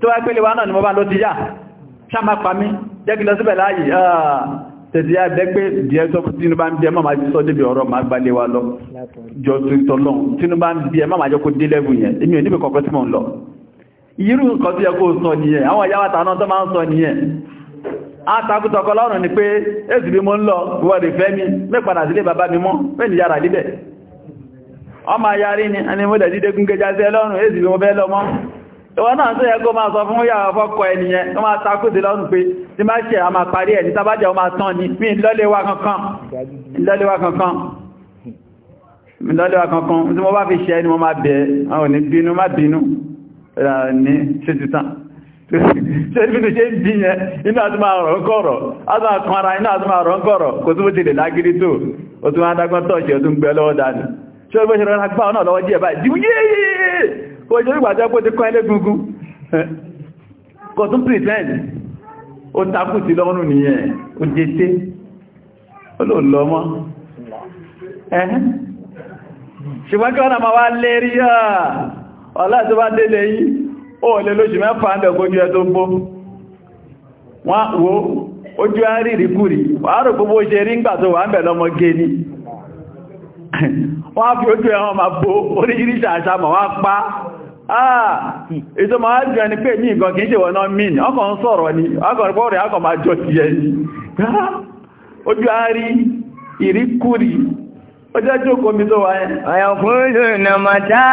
tó wá pẹ́lẹ̀ wá náà ni mo bá ló ti yá ṣáàmà pàmí jẹ́kì lọ síbẹ̀ láàyè ah, tẹ̀sí àbẹ́ pé díẹ̀ tó tínú bá ń bí ẹ máa jí sọ débi ọ̀rọ̀ máa gbalé wa lọ jọ tọ́lọ́ tínú bá ń bí ẹ máa jọ kó dé lẹ́gùn yẹn èmi ò níbi kọ̀kọ́ tí mo ń lọ irú nǹkan tó yẹ kó sọ nìyẹn àwọn ìyáwàtà náà tó máa ń sọ nìyẹn àtàkùtọ̀kọ́ ni pé èsì bí mo ọmọ ayarí ni a ni mo dídé gúngẹjá sí ẹlọ́rùn èsì bí mo bẹ́ lọ mọ́ ìwọ náà tó yẹ kó máa sọ fún yàwó fọ́kọ ẹniyẹn tó máa takúdé lọ́nù pé tí máa ṣe àmà parí ẹ̀ ní tàbájẹ̀ ọmọ tán ní mí lọ́lẹ́wà kankan lọ́lẹ́wà kankan tí mo bá fi ṣe ẹni mo máa bẹ̀ẹ́ àwọn ní bínú má bínú ní ṣe ti tán ṣe bí tó ṣe ń bí yẹn iná àti máa rọ̀ ń kọ̀rọ̀ àti máa kan ara iná àti máa rọ̀ ń kọ̀rọ̀ kò tó ti lè lágírí tó o tún adágbọ́n tọ́ọ̀ṣẹ́ o tún gbẹ́ lọ́wọ́ dání ó ṣe ìgbà tẹ́kó ti kọ́ ilé gungun kò tún pretend ó takù sí nìyẹn ó jẹ́tẹ́ ó lò mọ. ẹ̀hẹ́ ṣùgbọ́n kí na ma wá tó bá délé ó lè lóṣù mẹ́fà ń dẹ̀gbójú ẹ tó gbó wọ́n wo ojú àrírí kúrì gbogbo ṣe rí ńgbà tó wà ń bẹ̀ gé ní wọ́n fi ojú ẹ̀họ́n ma bó Ah, ètò máa jù ẹni pé ní nǹkan kìí ṣe wọ́n náà mìn ọkọ̀ sọ̀rọ̀ ni ọkọ̀ rẹ̀ akọ̀ máa jọ ti ẹni ah, ojú àárí ìríkúrí ọjọ́ jókòó mi tó wáyé. ọ̀yọ̀kúrò na mọ̀tá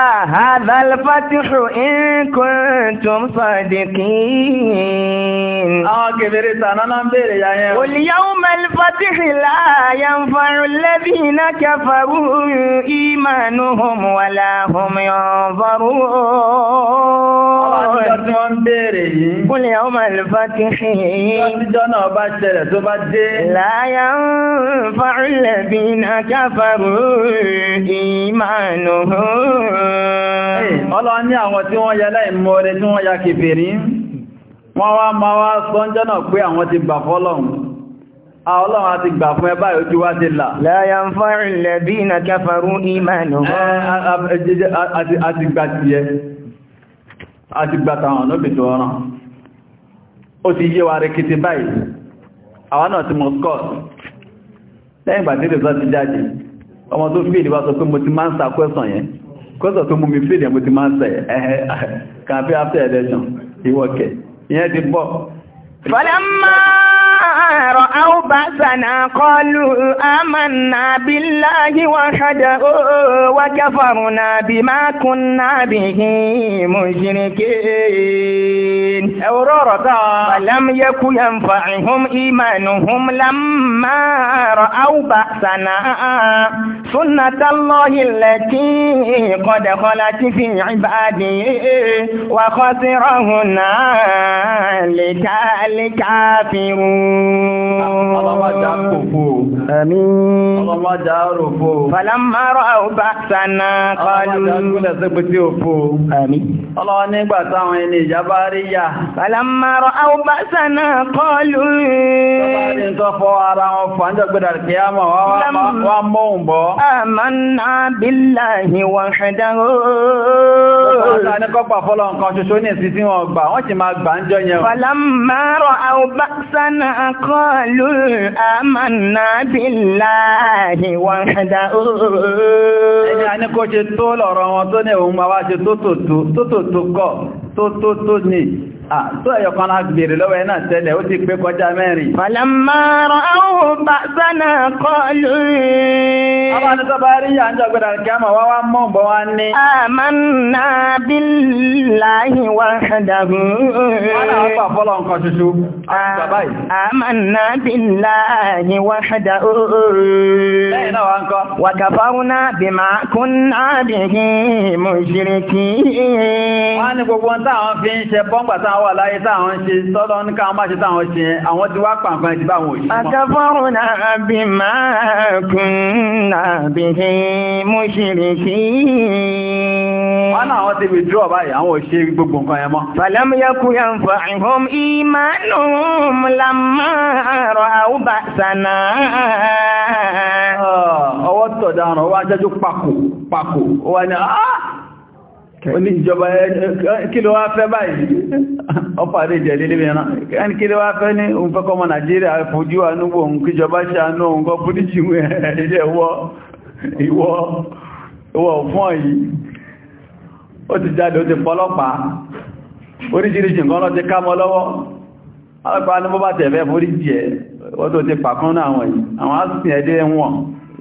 àbálfàtíhù ìkùntùn sọ̀dìkì. àwọn kèfèrè tànánà ń bèèrè ya yẹn. olùyàwó mẹ́lifàtíhì láàyà ń farun lẹ́bí iná kẹfàrú ìmánu hùmù wà láhùmù yọ̀nfàrú. àwọn àjọ tí wọ́n ń bèèrè yìí. ìmánuhu. Ọlọ́run ní àwọn tí wọ́n ya láìmọ́re tí wọ́n ya kèfèrí, wọ́n wá ma wá sọ́njọ́ náà pé àwọn ti gbà fọ́lọ́run. Ọlọ́run a ti gbà fún ẹbá ìjú wá ti là. Láyá ń fárí lẹ́bí na káfàrú ìmánu. A ti gba ti yẹ, a ti ti wa ti lẹ́yìn gbà tí ti jáde. ọmọ tó fèèdè bá sọ pé mo ti máa ń sa kwẹ́sàn yẹn kwẹ́sàn tó mú mi fèèdè mo ti máa ń sẹ ẹ̀hẹ́ kàfẹ́ after election ìwọ̀kẹ̀ ìyẹn ti bọ́ رأوا بأسنا قالوا آمنا بالله وحده وكفرنا بما كنا به مشركين أورورة ولم يكن ينفعهم إيمانهم لما رأوا بأسنا سنة الله التي قد خلت في عباده وخسر هنالك الكافرون Ọlọ́mọdá kòfò. Àmín. Ọlọ́mọdá ròfò. Fàlámárọ̀ bàtànà kọlu. Ọlọ́mọdá gúnlẹ̀ sí pé tí ó fò. Àmín. Ọlọ́wọ́ nígbà táwọn ẹni ìjà bá rí yà. Fàlámárọ̀ bàtànà kọlu. Bàbá rí ń fọ́ ara wọn fàájọ́ gbé dàrí wá mọ́hùn bọ́. Àmànà bíláhì wà ṣẹ̀dáwó. Ọlọ́ta ní kọ́pàá ń jọ yẹn. Fàlámárọ̀ àwọ̀bá sánà قالوا آمنا بالله وحده ẹni a ní kó ṣe tó lọ́rọ̀ wọn tó ní òun ma wá ṣe tó tó tó tó kọ́ tó tó tó ní tó ẹ̀yọ̀ kan láti bèèrè lọ́wọ́ ẹ̀nà tẹ́lẹ̀ ó ti pé kọjá mẹ́rin. Fàlàmà rọ̀ áwọ̀ bá kọ́ lórí. Àwọn àtúntọ́ bá rí náà pà fọ́lọ̀ nǹkan ṣoṣo. Wọ́n á gbogbo ń táwọn fi ń ṣe bọ́ǹgbà táwọn wà láyé táwọn ṣe sọ́lọ́ ní káwọn má ṣe táwọn ṣe àwọn ti wá pàǹkan ti bá wọn òṣìṣẹ́. àkàfọ́rùn náà bí máa kún náà bí ṣe mú ṣìrì sí. wọ́n náà wọ́n ti fi dúró báyìí àwọn òṣè gbogbo nǹkan yẹn mọ́. fàlámúyẹ́kù yẹn ń fa ìhom ìmánú lámàrọ̀ àwùbá sànà. ọwọ́ tọ̀daràn wá jẹ́jú pàkó pàkó wọ́n ní ah! ó ní ya kí ló wá fẹ́ báyìí ọpàdé ìjẹ̀lẹ̀ ilé mìíràn ẹni kí ló wá fẹ́ ní òun nàìjíríà fojú ànúgbò òun kíjọba ṣàánú òun kọ́ búdíjì ìwọ fún ọ̀yí ó ti jáde ó ti pọ́lọ́pàá oríṣiríṣi nǹkan ti ká mọ́ lọ́wọ́ ní bọ́bá tẹ̀fẹ́ foríjì ẹ̀ wọ́n tó ti pàkún náà wọ̀nyí àwọn á sì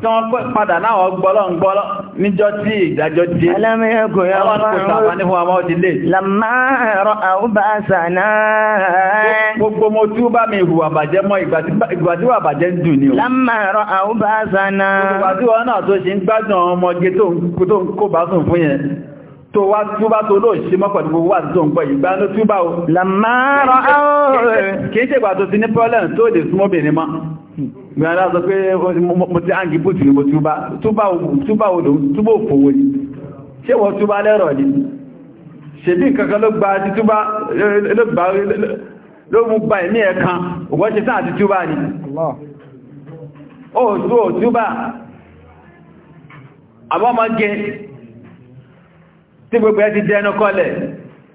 tí wọ́n padà náà gbọ́lọ́ níjọ́ tí ìdájọ́ tí alámẹ́kò yọ fọ́rún lámàárọ̀ àwúbà sànà gbogbo mo tí ó bá mi hùwà bàjẹ́ mọ́ ìgbàtíwà bàjẹ́ dùn ní o lámàárọ̀ tó wá tí ó bá tó lóò ṣe mọ́pàá tó wà tó ń gbọ́ ìgbà ló tí ó bá o lámàárọ̀ àwúbà kìí ṣègbà tó ti ní pọ́lẹ̀ tó lè súnmọ́bìnrin mọ́ gbẹ̀rẹ̀ sọ pé mo ti áǹgì bùtù ní mo túbá túbá odò túbá òfòwò ní ṣe wọ́n túbá lẹ́rọ̀ ní ṣèbí kankan ló gba ti túbá ló mú gba ẹ̀mí ẹ̀kan òwọ́n ṣe sáà ti túbá ní ó tó túbá àbọ́mọ́ gẹ tí gbogbo ẹ ti dẹnu kọlẹ̀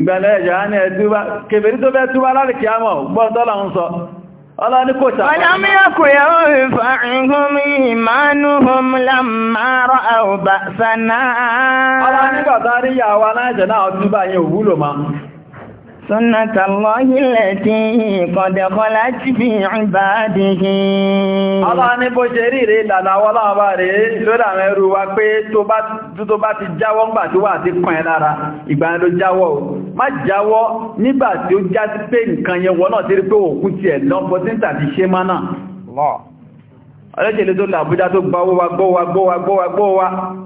ìgbẹ̀lẹ̀ ẹ̀yà ní ẹ̀túbá kèbèrè tó bẹ́ túbá láti kí á ń sọ ọlá kò sàmà ọ̀dámíyàkùyà òrìfà ìhúnmí ìmánúhùn lámàárọ̀ náà túbá yẹn òwúlò máa سنة الله التي قد خلت في عباده Allah ní bó ṣe rí rí ìlànà àwọn aláwọ̀ rí ẹrù wa pé tó bá ti jáwọ́ ńgbà tí wà ti kàn ẹ́ lára o. nígbà tí ó já ti pé ti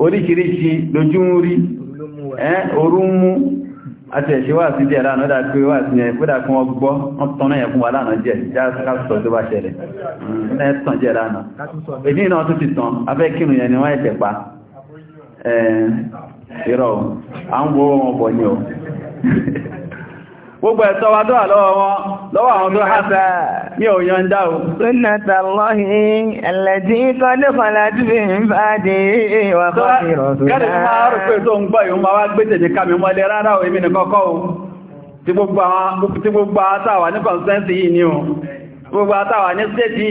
oríṣiríṣi lójú ń rí orú ń mú àti ẹ̀ṣíwà sí jẹ́ lánàá dá pé wà sí ẹ̀kúdà fún ọgbọ́ wọ́n tọ́nà ẹ̀kún wà lánàá jẹ́ jáàkásọ̀ tó bá ṣẹlẹ̀ ẹ̀tàn jẹ́ lánàá ni gbogbo ẹ̀tọ́ wa dọ́wà lọ́wọ́ wọn lọ́wọ́ àwọn tó hásẹ̀ ní òyàn dá o. sunnata Allahi allati wa khayru rasulillah. kẹ́rì máa rò pé tó ń gbọ́ yìí máa wá gbé tètè ká mi mọ́lẹ̀ rárá o èmi nìkan kọ́ o tí gbogbo àtàwà ní consensus yìí ni o gbogbo àtàwà ní state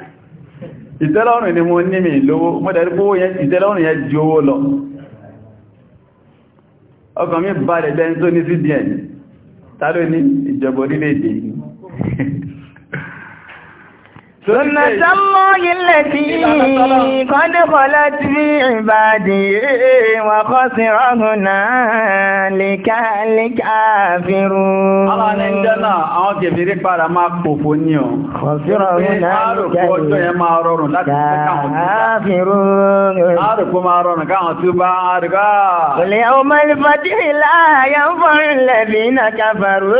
ìtẹ́lọ́rùn ni mo ní mi lówó mọ́dẹ̀rí pówó ìtẹ́lọ́rùn yẹn ju owó lọ ọkàn mi balẹ̀ lẹ́yìn tó ní cdn tàbí ní ìjọba orílẹ̀-èdè سنة الله التي قد خلت في عبادي وخسر هنالك الكافرون Àwọn ẹnjẹ́nà àwọn kèfèrí padà máa pòfò ní ọ. Khasira hunalika al-kafirun. Àrùkú máa rọrùn káwọn tí ó bá àrùká. Qul yawma al-fathi la yanfa'u alladhina kafaru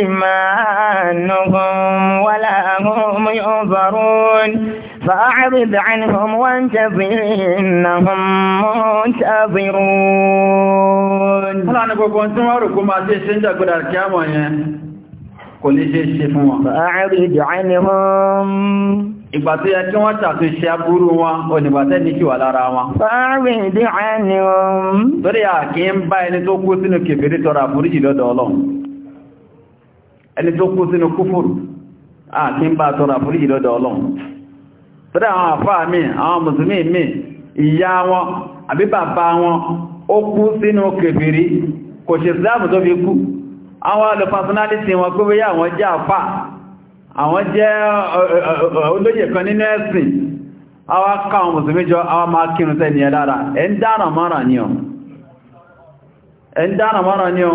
imanuhum ولا هم ينظرون فأعرض عنهم وانتظر إنهم منتظرون Ọlọ́run gbogbo tí wọ́n rò kó máa tí ṣe ń jàgbọ́dà kí á mọ̀ yẹn kò ní ṣe ṣe fún wọn. Fa'a'rid 'anhum. Ìgbà tó yẹ kí wọ́n ṣàtúnṣe aburú wọn, ò ní kí wà lára wọn. Fa'a'rid 'anhum. Torí à kí ń bá ẹni tó kú sínú kèfèrí tọrọ àforíjì lọ́dọ̀ Ọlọ́run. Ẹni tó kú sínú kúfùrù àti ń bá tọrọ àforíjì lọ́dọ̀ ọlọ́run tọ́dá àwọn àfáà mi àwọn mùsùlùmí mi ìyá wọn àbí bàbá wọn ó kú sínú kèfèrí kò ṣe ìsìláàmù tó fi kú àwọn alò personality wọn pé wéyà àwọn jẹ́ àfà àwọn jẹ́ olóyè kan nínú ẹ̀sìn àwọn akáwọn mùsùlùmí jọ àwọn máa kírun ẹ̀ ń dáràn mọ́ràn ni ọ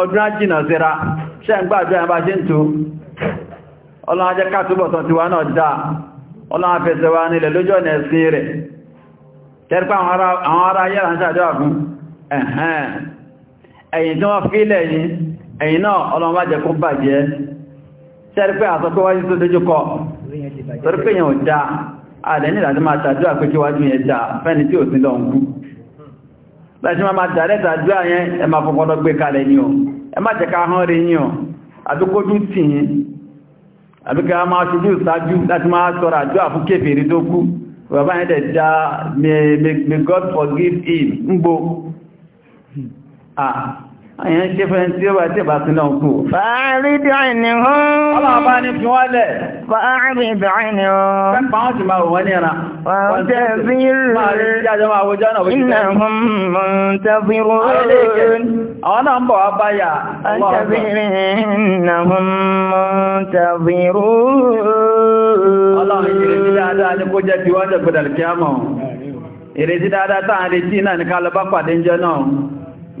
ọdún ajínà síra ṣe ń gbàjọ́ ẹ̀bá ṣe ń tó ọlọ́run ajẹ́ kàtúbọ̀tán ti wá náà dáa ọlọ́run afẹ́sẹ̀ wá nílẹ̀ lójọ́ ọ̀nà ẹ̀sìn rẹ̀ tẹ́rẹpá àwọn ará yára ń ṣàdọ́ àkún ẹ̀hẹ́n ẹ̀yìn tí wọ́n fílẹ̀ láti máa dàrẹ́ta àdúrà yẹn ẹ máa gbé kalẹ̀ ní ọ ẹ má jẹ́ ká hán rí ọ àbíkójú tì máa ṣojú ìsájú láti máa sọ́rọ̀ àdúrà fún tó kú àyàn ṣe fẹ́ tí ó bá tí bá tún náà kú. fàárídì àìní hún. ọlọ́wọ́ bá ní fi wọ́n lẹ̀. fàárídì àìní hún. pẹ́pà wọ́n ti máa wò wọ́n ní ẹran. wọ́n tẹ́ fi rú. máa rí sí àjọ máa wojọ́ náà wojọ́. iná hun mọ̀ ń tẹ́ fi ní kó jẹ́ ti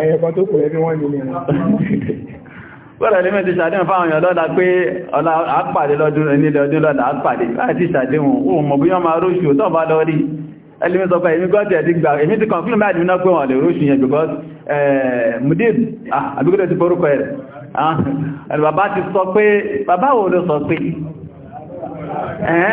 ẹ̀yẹ̀kọ́ tó kù ẹbí wọ́n nílé wọn bọ́rọ̀ ilé mẹ́ta ṣàdéhùn fáwọn èèyàn lọ́la pé ọlá àpàdé lọ́dún nílé ọdún lọ́la àpàdé láti ṣàdéhùn ohun mọ̀ bí wọ́n máa róṣù tó bá lọ rí ẹlẹ́mí sọ pé èmi gọ́ọ̀tẹ̀ ẹ̀dí gbà èmi ti kọ̀nfílùm láti mú náà pé wọ́n lè róṣù yẹn because mudib àbíkútẹ́ ti borúkọ ẹ̀ bàbá ti sọ pé bàbá wo ló sọ pé ẹ̀ẹ́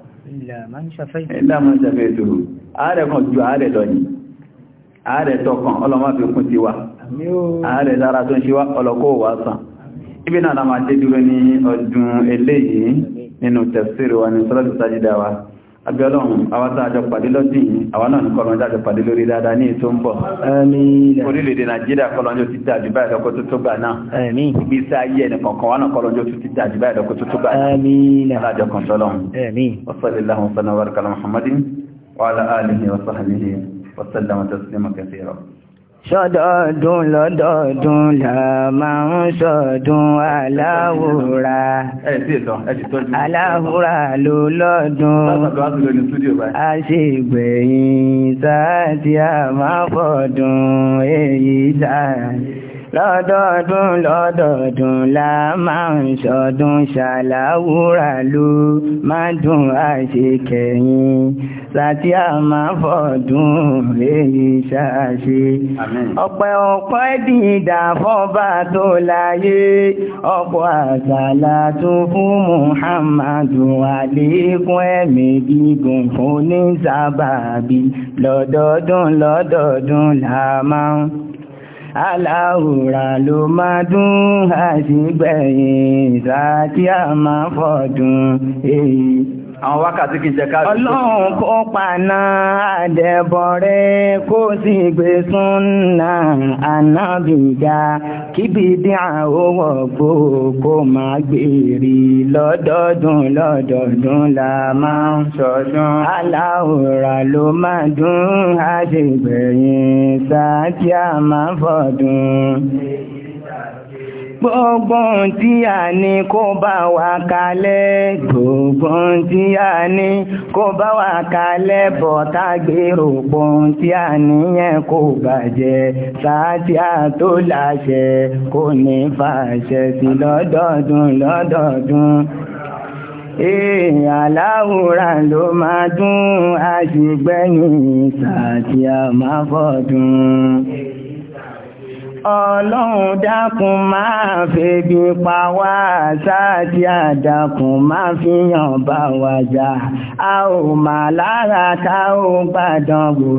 ìlà man ṣàfẹ́tòrò ààrẹ kan ju ààrẹ lọ ní ààrẹ tọkàn ọlọ́mà fi kún ti wá ààrẹ sára tó ń ṣe wá ọlọ́kọ́ wà sàn ibi náà na máa dé dúró ní ọdún eléyìí nínú tafsir wa ní sọ́lọ́dún sájídá wa àbí ọlọ́run àwọn àjọ pàdé lọ́dún yìí àwọn náà ní kọlọ́njá àjọ pàdé lórí dáadáa ní ètò ń bọ̀ orílẹ̀-èdè nàìjíríà kọlọ́njọ́ ti dájú báyìí lọ́kọ́ tó tó gbà náà ibi iṣẹ́ ayé ẹnì kọ̀ọ̀kan wọn náà kọlọ́njọ́ ti dájú báyìí lọ́kọ́ tó tó gbà náà Ṣọ́dọ̀ọ́dún lọ́dọ̀ọ́dún la máa ń ṣọdún aláwòrá. Aláwòrá ló lọ́dún. A ṣe ìgbẹ̀yìn sáà tí a máa fọ̀dún èyí sáà lọ́dọọdún lọ́dọọdún la máa ń ṣọdún ṣàláwúrà ló máa dùn àṣekẹyìn láti àmà fọ̀dún èyí ṣáṣe ọ̀pẹ̀ ọ̀pẹ̀ dìdà fọ́bà tó láyé ọ̀pọ̀ àṣàlá tó fún Muhammadu àlékún ẹ̀mí gígùn fún ní sábàbí lọ́dọọdún lọ́dọọdún la máa aláwòrà ló máa dún àti gbẹ̀yìn ìsáàtì àmàfọ̀dún èyí àwọn wákàtí kìí jẹ káàkiri. ọlọ́run kó paná àdẹ̀bọ̀rẹ́ kó sì gbé súnà ànábìgá kíbi dí àwọ̀ gbò kó gbèrè lọ́dọọdún lọ́dọọdún la máa ń ṣọdún. aláwòrán ló máa dún àṣegbẹ̀yìn sáà tí a máa fọdún gbogbo tí a ní kó bá wa kalẹ̀ gbogbo tí a ní kó bá wa kalẹ̀ bọ̀tá gbèrò pọ̀n tí a níyẹn kó bàjẹ́ sáàtì àtó láṣẹ kò ní fàṣẹ sí lọ́dọọdún lọ́dọọdún aláwòrán ló máa dún àṣìgbẹ́yìn sáàtì àmàfọ́dún ọlọ́run dákun máa febi pa wá sáàtì àdàkùn máa fi yàn bá wa a ò mà lára tá ò gbàdán wò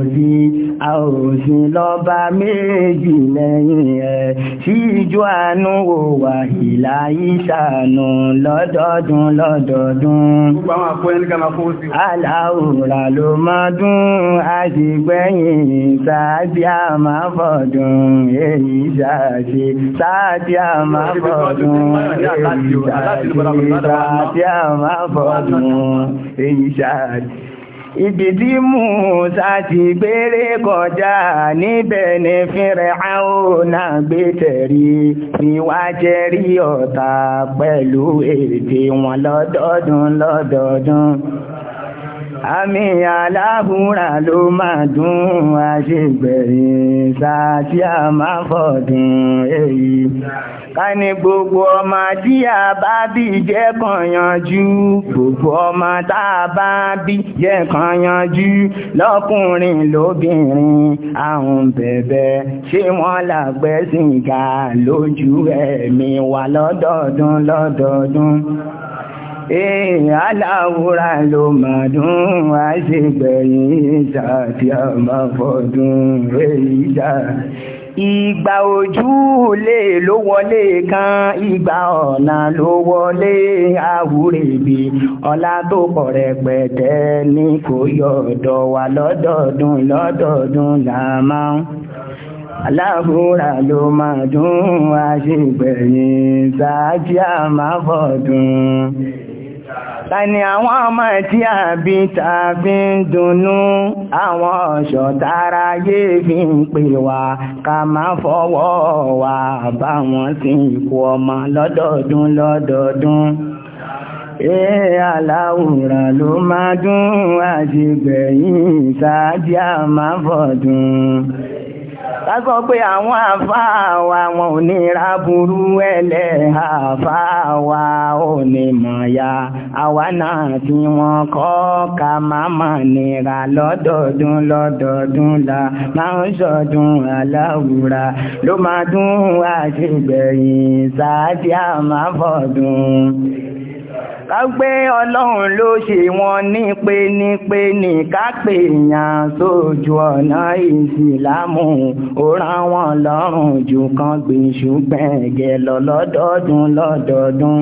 a ò sí lọ́ba méjì lẹ́yìn ẹ̀ sí ìjọ àánú wò wà ìlà ìṣàánú lọ́dọọdún lọ́dọọdún. gbogbo àwọn àpò ẹni kàmá fún aláwòrà ló máa dún àti gbẹ̀yìn sáàtì àmàfọ̀dún èyí ìṣàṣe sáàtì àmàbọ̀dún ìṣàṣe sáàtì àmàbọ̀dún ìṣàṣe ibi tí Mùsá ti gbére kọjá níbẹ̀ ni fẹ́rẹ̀ àónà gbé tẹ̀rí ni wá jẹ́ rí ọ̀tá pẹ̀lú èdè wọn lọ́dọọdún lọ́dọọdún àmì aláàbúra ló máa dún àṣegbẹ̀rẹ̀ sáàtí a máa fọ̀dún èyí ká ní gbogbo ọmọ tí a bá bí jẹ́ kan yanjú gbogbo ọmọ tá a bá bí jẹ́ kan yanjú lọ́kùnrin lóbìnrin àwọn bẹ̀bẹ̀ ṣé wọ́n làgbẹ́sìn ga lójú ẹ̀mí wa lọ́dọọdún lọ́dọọdún èèyàn aláwòrán ló máa dùn á sì gbẹ̀yìn tàbí ọmọ fọdún èyí dá. Ìgbà ojú lè ló wọlé kan, ìgbà ọ̀nà ló wọlé àwúrèbí, ọlá tó pọ̀ rẹpẹtẹ ní kò yọ ọ̀dọ̀ wa lọ́dọọdún lọ́dọọdún là máa ń. Aláhùrà ló máa dún àṣìgbẹ̀yìn sáájú àmàbọ̀dún. Tani àwọn ọmọ tí a bí tàbí ń dunnú, àwọn ọ̀ṣọ́ tara yé fi ń pè wá, ká máa fọwọ́ wà bá wọn sí ikú ọmọ lọ́dọọdún lọ́dọọdún. Ee aláwòrán ló máa dún àti gbẹ̀yìn sáájá máa fọ̀dún ká sọ pé àwọn àfáà wa wọn ò ní ra burú ẹlẹ́hà àfáà ò ní mọ̀ ya àwa náà tí wọ́n kọ́ ká máa mọ̀ nira lọ́dọọdún lọ́dọọdún la máa ń ṣọdún aláwùra ló máa dún àṣegbẹ̀yìn sáájú àmàfọ̀dún ká gbé ọlọ́run ló ṣe wọn ní pé ní pé ní ká pè sójú ọ̀nà ìsìlámù ó wọn lọ́rùn jù kan gbìn ṣùgbẹ́gẹ́ lọ lọ́dọọdún lọ́dọọdún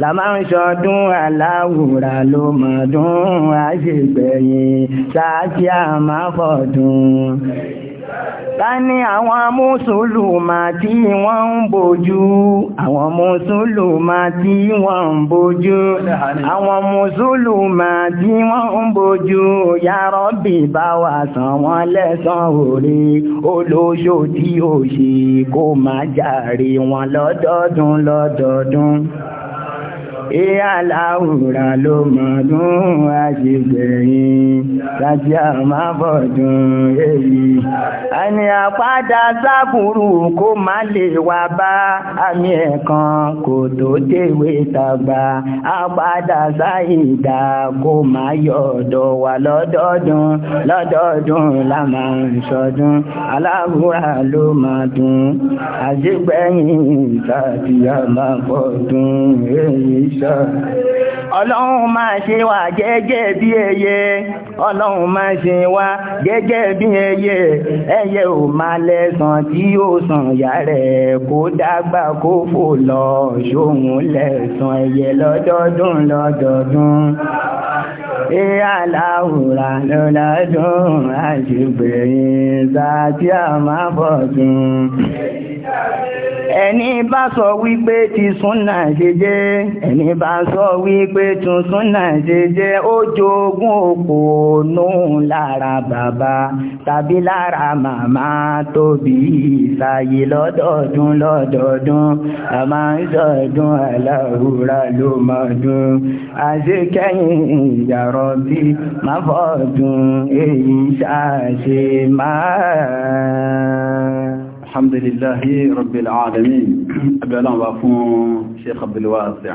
la máa ń ṣọdún aláwùrà ló mọ̀ dún àṣègbẹ̀yìn sáà tí Tani ní àwọn mùsùlùmá tí wọ́n ń bójú àwọn mùsùlùmá tí wọ́n ń bójú àwọn mùsùlùmá tí wọ́n ń bójú ya Rabbi bá wa san wọ́n lẹ́san orí olóṣò tí ó ṣe kó má jàre wọn lọ́dọọdún lọ́dọọdún Ìyá aláwùrà ló mọ̀dún àṣìgbẹ̀yìn, láti àmà bọ̀dún èyí. Ẹni àpádà sábúrú kó má lè wá bá àmì ẹ̀kan kò tó déwé tàgbà. Àpádà sáìdà kó má yọ̀dọ̀ wà lọ́dọọdún, lọ́dọọdún la máa ń ṣọdún. Aláwùrà ló mọ̀dún àṣìgbẹ̀yìn, láti àmà bọ̀dún èyí náà. Ọlọ́run máa ṣe wá gẹ́gẹ́ bí ẹyẹ, ọlọ́run máa ṣe wá gẹ́gẹ́ bí ẹyẹ, ẹyẹ ò máa lẹ́sàn tí ó sàn yà rẹ̀ kó dàgbà kó fò lọ, ṣóhun lẹ́sàn ẹyẹ lọ́dọọdún lọ́dọọdún. Ẹ aláwòrà lọ́dọọdún àṣìgbẹ̀yìn sáà tí a máa bọ̀ tún ẹni bá sọ wípé ti súnà ṣe jẹ́ ẹni ìbá sọ wípé tuntun náà ṣe jẹ́ ó jogún òkò nù lára bàbá tàbí lára màmá tóbi ìsàyè lọ́dọọdún lọ́dọọdún a máa ń sọ̀dún aláwùrà ló máa dún àṣekẹ́yìn ìyàrọ̀ bí máa fọ́dún èyí ṣáṣe máa. الحمد لله رب العالمين أبي الله وفون شيخ عبد الواسع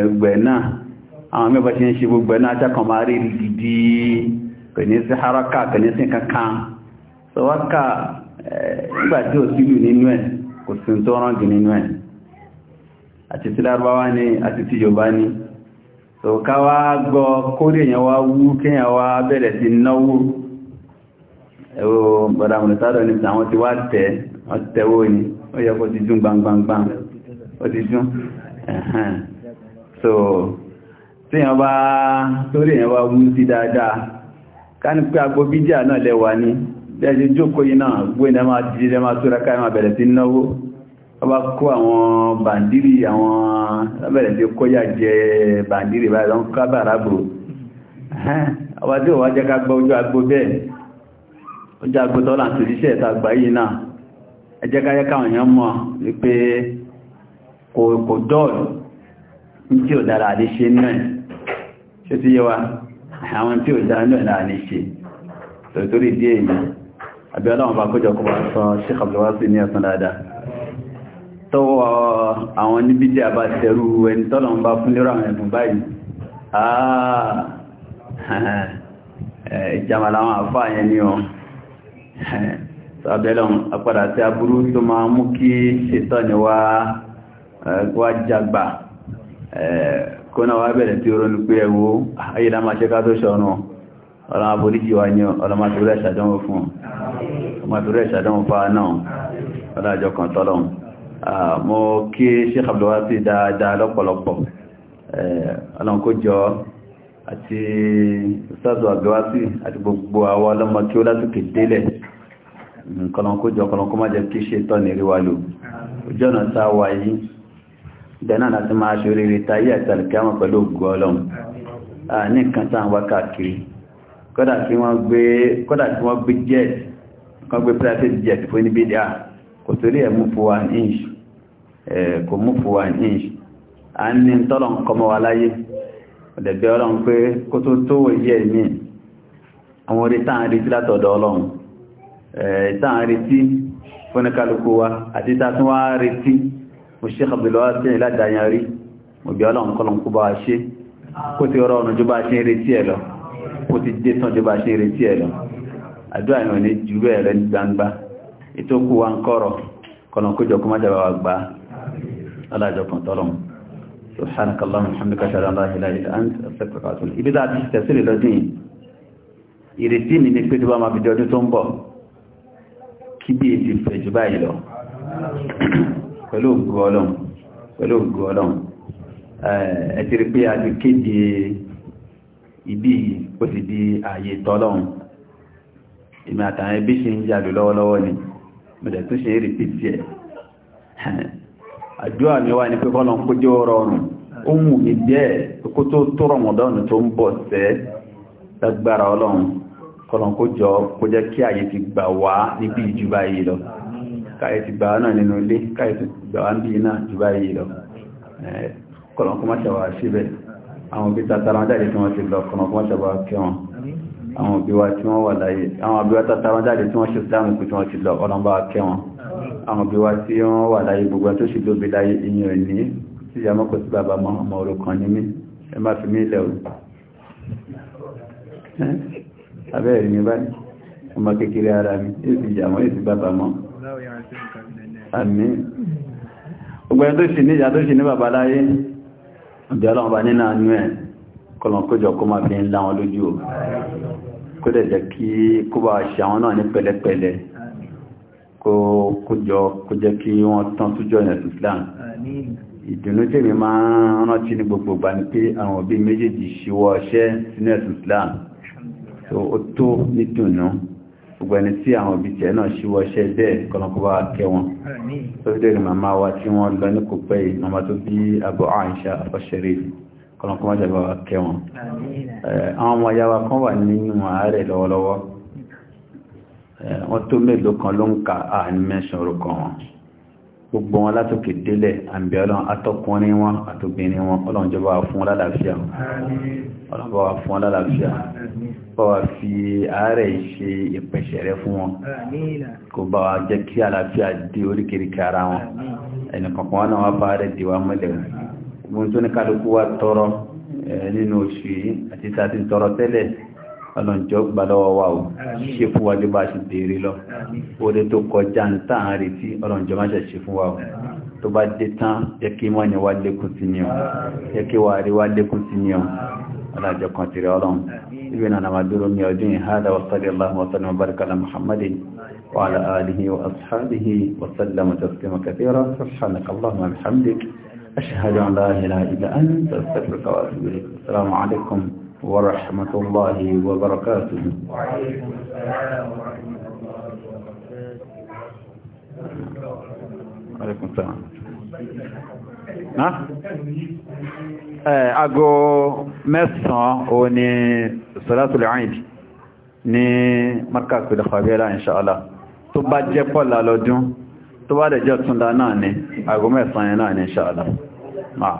ẹgbẹ̀ náà àwọn mẹ́bà ṣe ń ṣe gbogbo náà jákan máa rí gidi kò sí haraka kò ní sí kankan so wákà nígbà tí ò sílù nínú ẹ̀ kò sí tó rán jù nínú ẹ̀ àti tí lárúbáwá ni àti tí yorùbá ni so ká wá gbọ́ kórè èèyàn wá wú kéèyàn wá bẹ̀rẹ̀ sí náwó ẹ̀wọ̀ bọ̀dà mùsàdọ̀ ni àwọn ti wá tẹ̀ wọ́n ni ó yẹ kó ti dún gbangbangban ó ti dún ẹ̀hẹ́n so tí èyàn bá torí èyàn bá wú sí dáadáa ká ní pé agbó bídíà náà lẹ́wà ní lẹ́jẹ́ jókòó yìí náà gbó ìdá máa jíjẹ́ lẹ́ máa tóra káyà máa bẹ̀rẹ̀ sí náwó ọba kó àwọn bàndírì àwọn bẹ̀rẹ̀ sí kóyà jẹ bàndírì báyìí lọ́n kábàrà bò ọba tí òwà jẹ́ ká gbọ́ ojú agbó bẹ́ẹ̀ ojú agbó tọ́lá àtòríṣẹ́ ìta àgbà yìí náà ẹjẹ́ káyẹ́ káwọn kò dọ́ọ̀lù tí ò dára àdé ṣe náà ṣe tí yẹ wa àwọn tí ò dára náà àdé ṣe tòtórí dí èyí àbí ọlọ́run bá kójọ kó bá sọ ṣe kàbílọ́wá sí ní ọ̀sán dáadáa tọ́wọ́ àwọn níbi jẹ́ àbá tẹrú ẹni tọ́lọ́run bá fún lérò àwọn ẹ̀bùn báyìí ìjàmà láwọn àfáà yẹn ni ọ kóná wá bẹ̀rẹ̀ tí orónú pé ẹwọ́ ayédá máa ṣe ká tó ṣọ́nà ọ̀rọ̀ aboríjì wá ní ọlọ́màtúrẹ́ ìṣàdánwò fún ọmọdúrẹ́ ìṣàdánwò fáà mo kí Sheikh Abdulwa sí dáadáa lọ́pọ̀lọpọ̀ ọlọ́nkójọ́ àti sáàdù Abdulwa sí àti gbogbo àwọn ọlọ́mọ kí ó látòkè délẹ̀ kọlọ́nkójọ́ kọlọ́nkó má jẹ́ kí dẹ̀nà láti máa ṣe orí ìtayí àtàlùkí àwọn pẹ̀lú ògùn ọlọ́run ní nǹkan tán wá káàkiri kódà kí wọ́n gbé jet kan gbé private jet fún níbi dá kò torí ẹ̀ mú fún one inch kò mú fún one inch a ní tọ́lọ̀ kọmọ wa láyé ọ̀dẹ̀bẹ̀ ọlọ́run pé kó tó tó mo ṣe àbìlọ́ sí ìlàdáyàn rí mo bí ọlọ́run kọ́lọ̀ kó bá ṣe kó ti rọ ọ̀nà jọba ṣe ń retí ẹ̀ lọ kó ti dé tán jọba ṣe ń retí ẹ̀ lọ àdúrà ìrìn ní jùlọ ẹ̀rẹ́ ní gbangba ètò kú wa ń kọ́rọ̀ kọ́lọ̀ kó jọ kó má jàbá wa gbá alájọkàn tọ́lọ̀ subhanakallahu alhamdulillah shara la ilaha illa anta astaghfiruka wa atubu kí bí èsì fẹ̀jù báyìí lọ pẹ̀lú ògùn ọlọ́run pẹ̀lú ògùn ọlọ́run eh, ẹ ti rí pé a ti kéde ibi ó ti di ààyè tọ́lọ́run ìmọ̀ àtàwọn ẹbí ṣe ń jàdù lọ́wọ́lọ́wọ́ ni mọ̀dẹ̀ tó ṣe é rìpítì ẹ̀ àdúrà mi wá ní pé kọ́lọ̀ ń kójó rọrùn ó mú mi bẹ́ẹ̀ kó tó tó rọmọdọ́nù tó ń bọ̀ sẹ́ lágbára ọlọ́run kọ́lọ̀ ń kójọ kó jẹ́ kí ààyè ti gbà wá níbi ìjúbà yìí lọ káyẹ̀ ti gbà náà nínú ilé káyẹ̀ ti gbà wá ń bí náà jù báyìí lọ kọ̀lọ̀kọ́mọ́sàwà síbẹ̀ àwọn òbí tàtàrà jáde tí wọ́n ti lọ kọ̀lọ̀kọ́mọ́sàwà kẹwọn àwọn òbí wa tí wọ́n wà láyé àwọn òbí wa wa tí wọ́n wà láyé gbogbo tó sì lóbi láyé ìyìn rẹ̀ ní tí yàmọ́kọ̀ sí bàbá mọ́ ọmọ òrukàn ní mí ẹ má fi mí ilẹ̀ o abẹ́rẹ̀ mi báyìí ọmọ kékeré ara mi èsì ìyàmọ́ èsì bàbá mọ́ àmín ọgbẹ̀rin tó ṣì ní ìyá tó ṣì ní bàbá láyé ọ̀dẹ́ ọlọ́run bá nínú àánú ẹ̀ kọlọ̀kójọ kó máa fi ń lá wọn lójú o kó dẹ̀ jẹ́ kí kó bá ṣe àwọn náà ní pẹ̀lẹ́pẹ̀lẹ́ kó jẹ́ kí wọ́n tán tújọ́ ìrìn Islam ìdùnnú tí mi máa ń rántí ní gbogbo ìgbà ní pé àwọn òbí méjèèjì ṣíwọ́ ọṣẹ́ sínú ẹ̀sùn Islam tó ní dùnnú gbogbo ẹni tí àwọn òbí tiẹ̀ náà ṣíwọ́ṣẹ́ bẹ́ẹ̀ kọ́nàkọ́bá kẹ́ wọn tó fi dẹ́rẹ̀ màmá wa tí wọ́n lọ ní kò pẹ́ yìí màmá tó bí Abu Aisha ọ̀ṣẹ̀rẹ̀ kọ́nàkọ́bá jàbá wa kẹ́ wọn àwọn ọmọ ya wa kan wà nínú ààrẹ lọ́wọ́lọ́wọ́ wọ́n tó mélòó kan ló ń ka àní mẹ́sàn orúkọ wọn gbogbo wọn látòkè délẹ̀ àmì ọlọ́run atọ́kùnrin wọn àtòbìnrin wọn ọlọ́run jọba fún wọn lálàáfíà ọlọ́run jọba fún wọn lálàáfíà bá wa fi àárẹ̀ ṣe ìpẹ̀ṣẹ̀ rẹ fún wọn kò bá wa jẹ́ kí àlàáfíà dé oríkèríkè ara wọn ẹnìkan kan náà wá bá rẹ̀ dé wa mọ́lẹ̀ wọn tó ní kálukú wa tọrọ nínú oṣù yìí àti sáti tọrọ tẹ́lẹ̀ ọlọ́njọ́ gbàlọ́wọ́ wa o ṣe fún wa jọba ṣe béèrè lọ ó lè tó kọjá ń tàn án retí ọlọ́njọ́ máa ṣe fún wa o tó bá dé tán yẹ kí mọ́ wá lékún sí ni o yẹ kí wà wá lékún sí ni o alájọ kan tìrẹ ọlọ́run ibi náà nàmà dúró ní ọdún ìhádà wasalli allahu wasalli wa baraka ala muhammadin wa ala alihi wa ashabihi wa sallama taslima kathira subhanaka allahumma bihamdik ashhadu an la ilaha illa anta astaghfiruka wa atubu ilayk assalamu alaikum wa rahmatullahi wa barakatuh wa alaykum assalam wa rahmatullahi wa barakatuh wa alaykum assalam نعم aago mẹ́sàn-án ó ní sọ́látùlẹ̀ àìdì ní markaz al-Khabira inṣàlá tó bá jẹ́ pọ̀lá lọ́dún tó bá dẹ̀jọ́ túnlá náà ni aago mẹ́sàn-án náà ni inṣàlá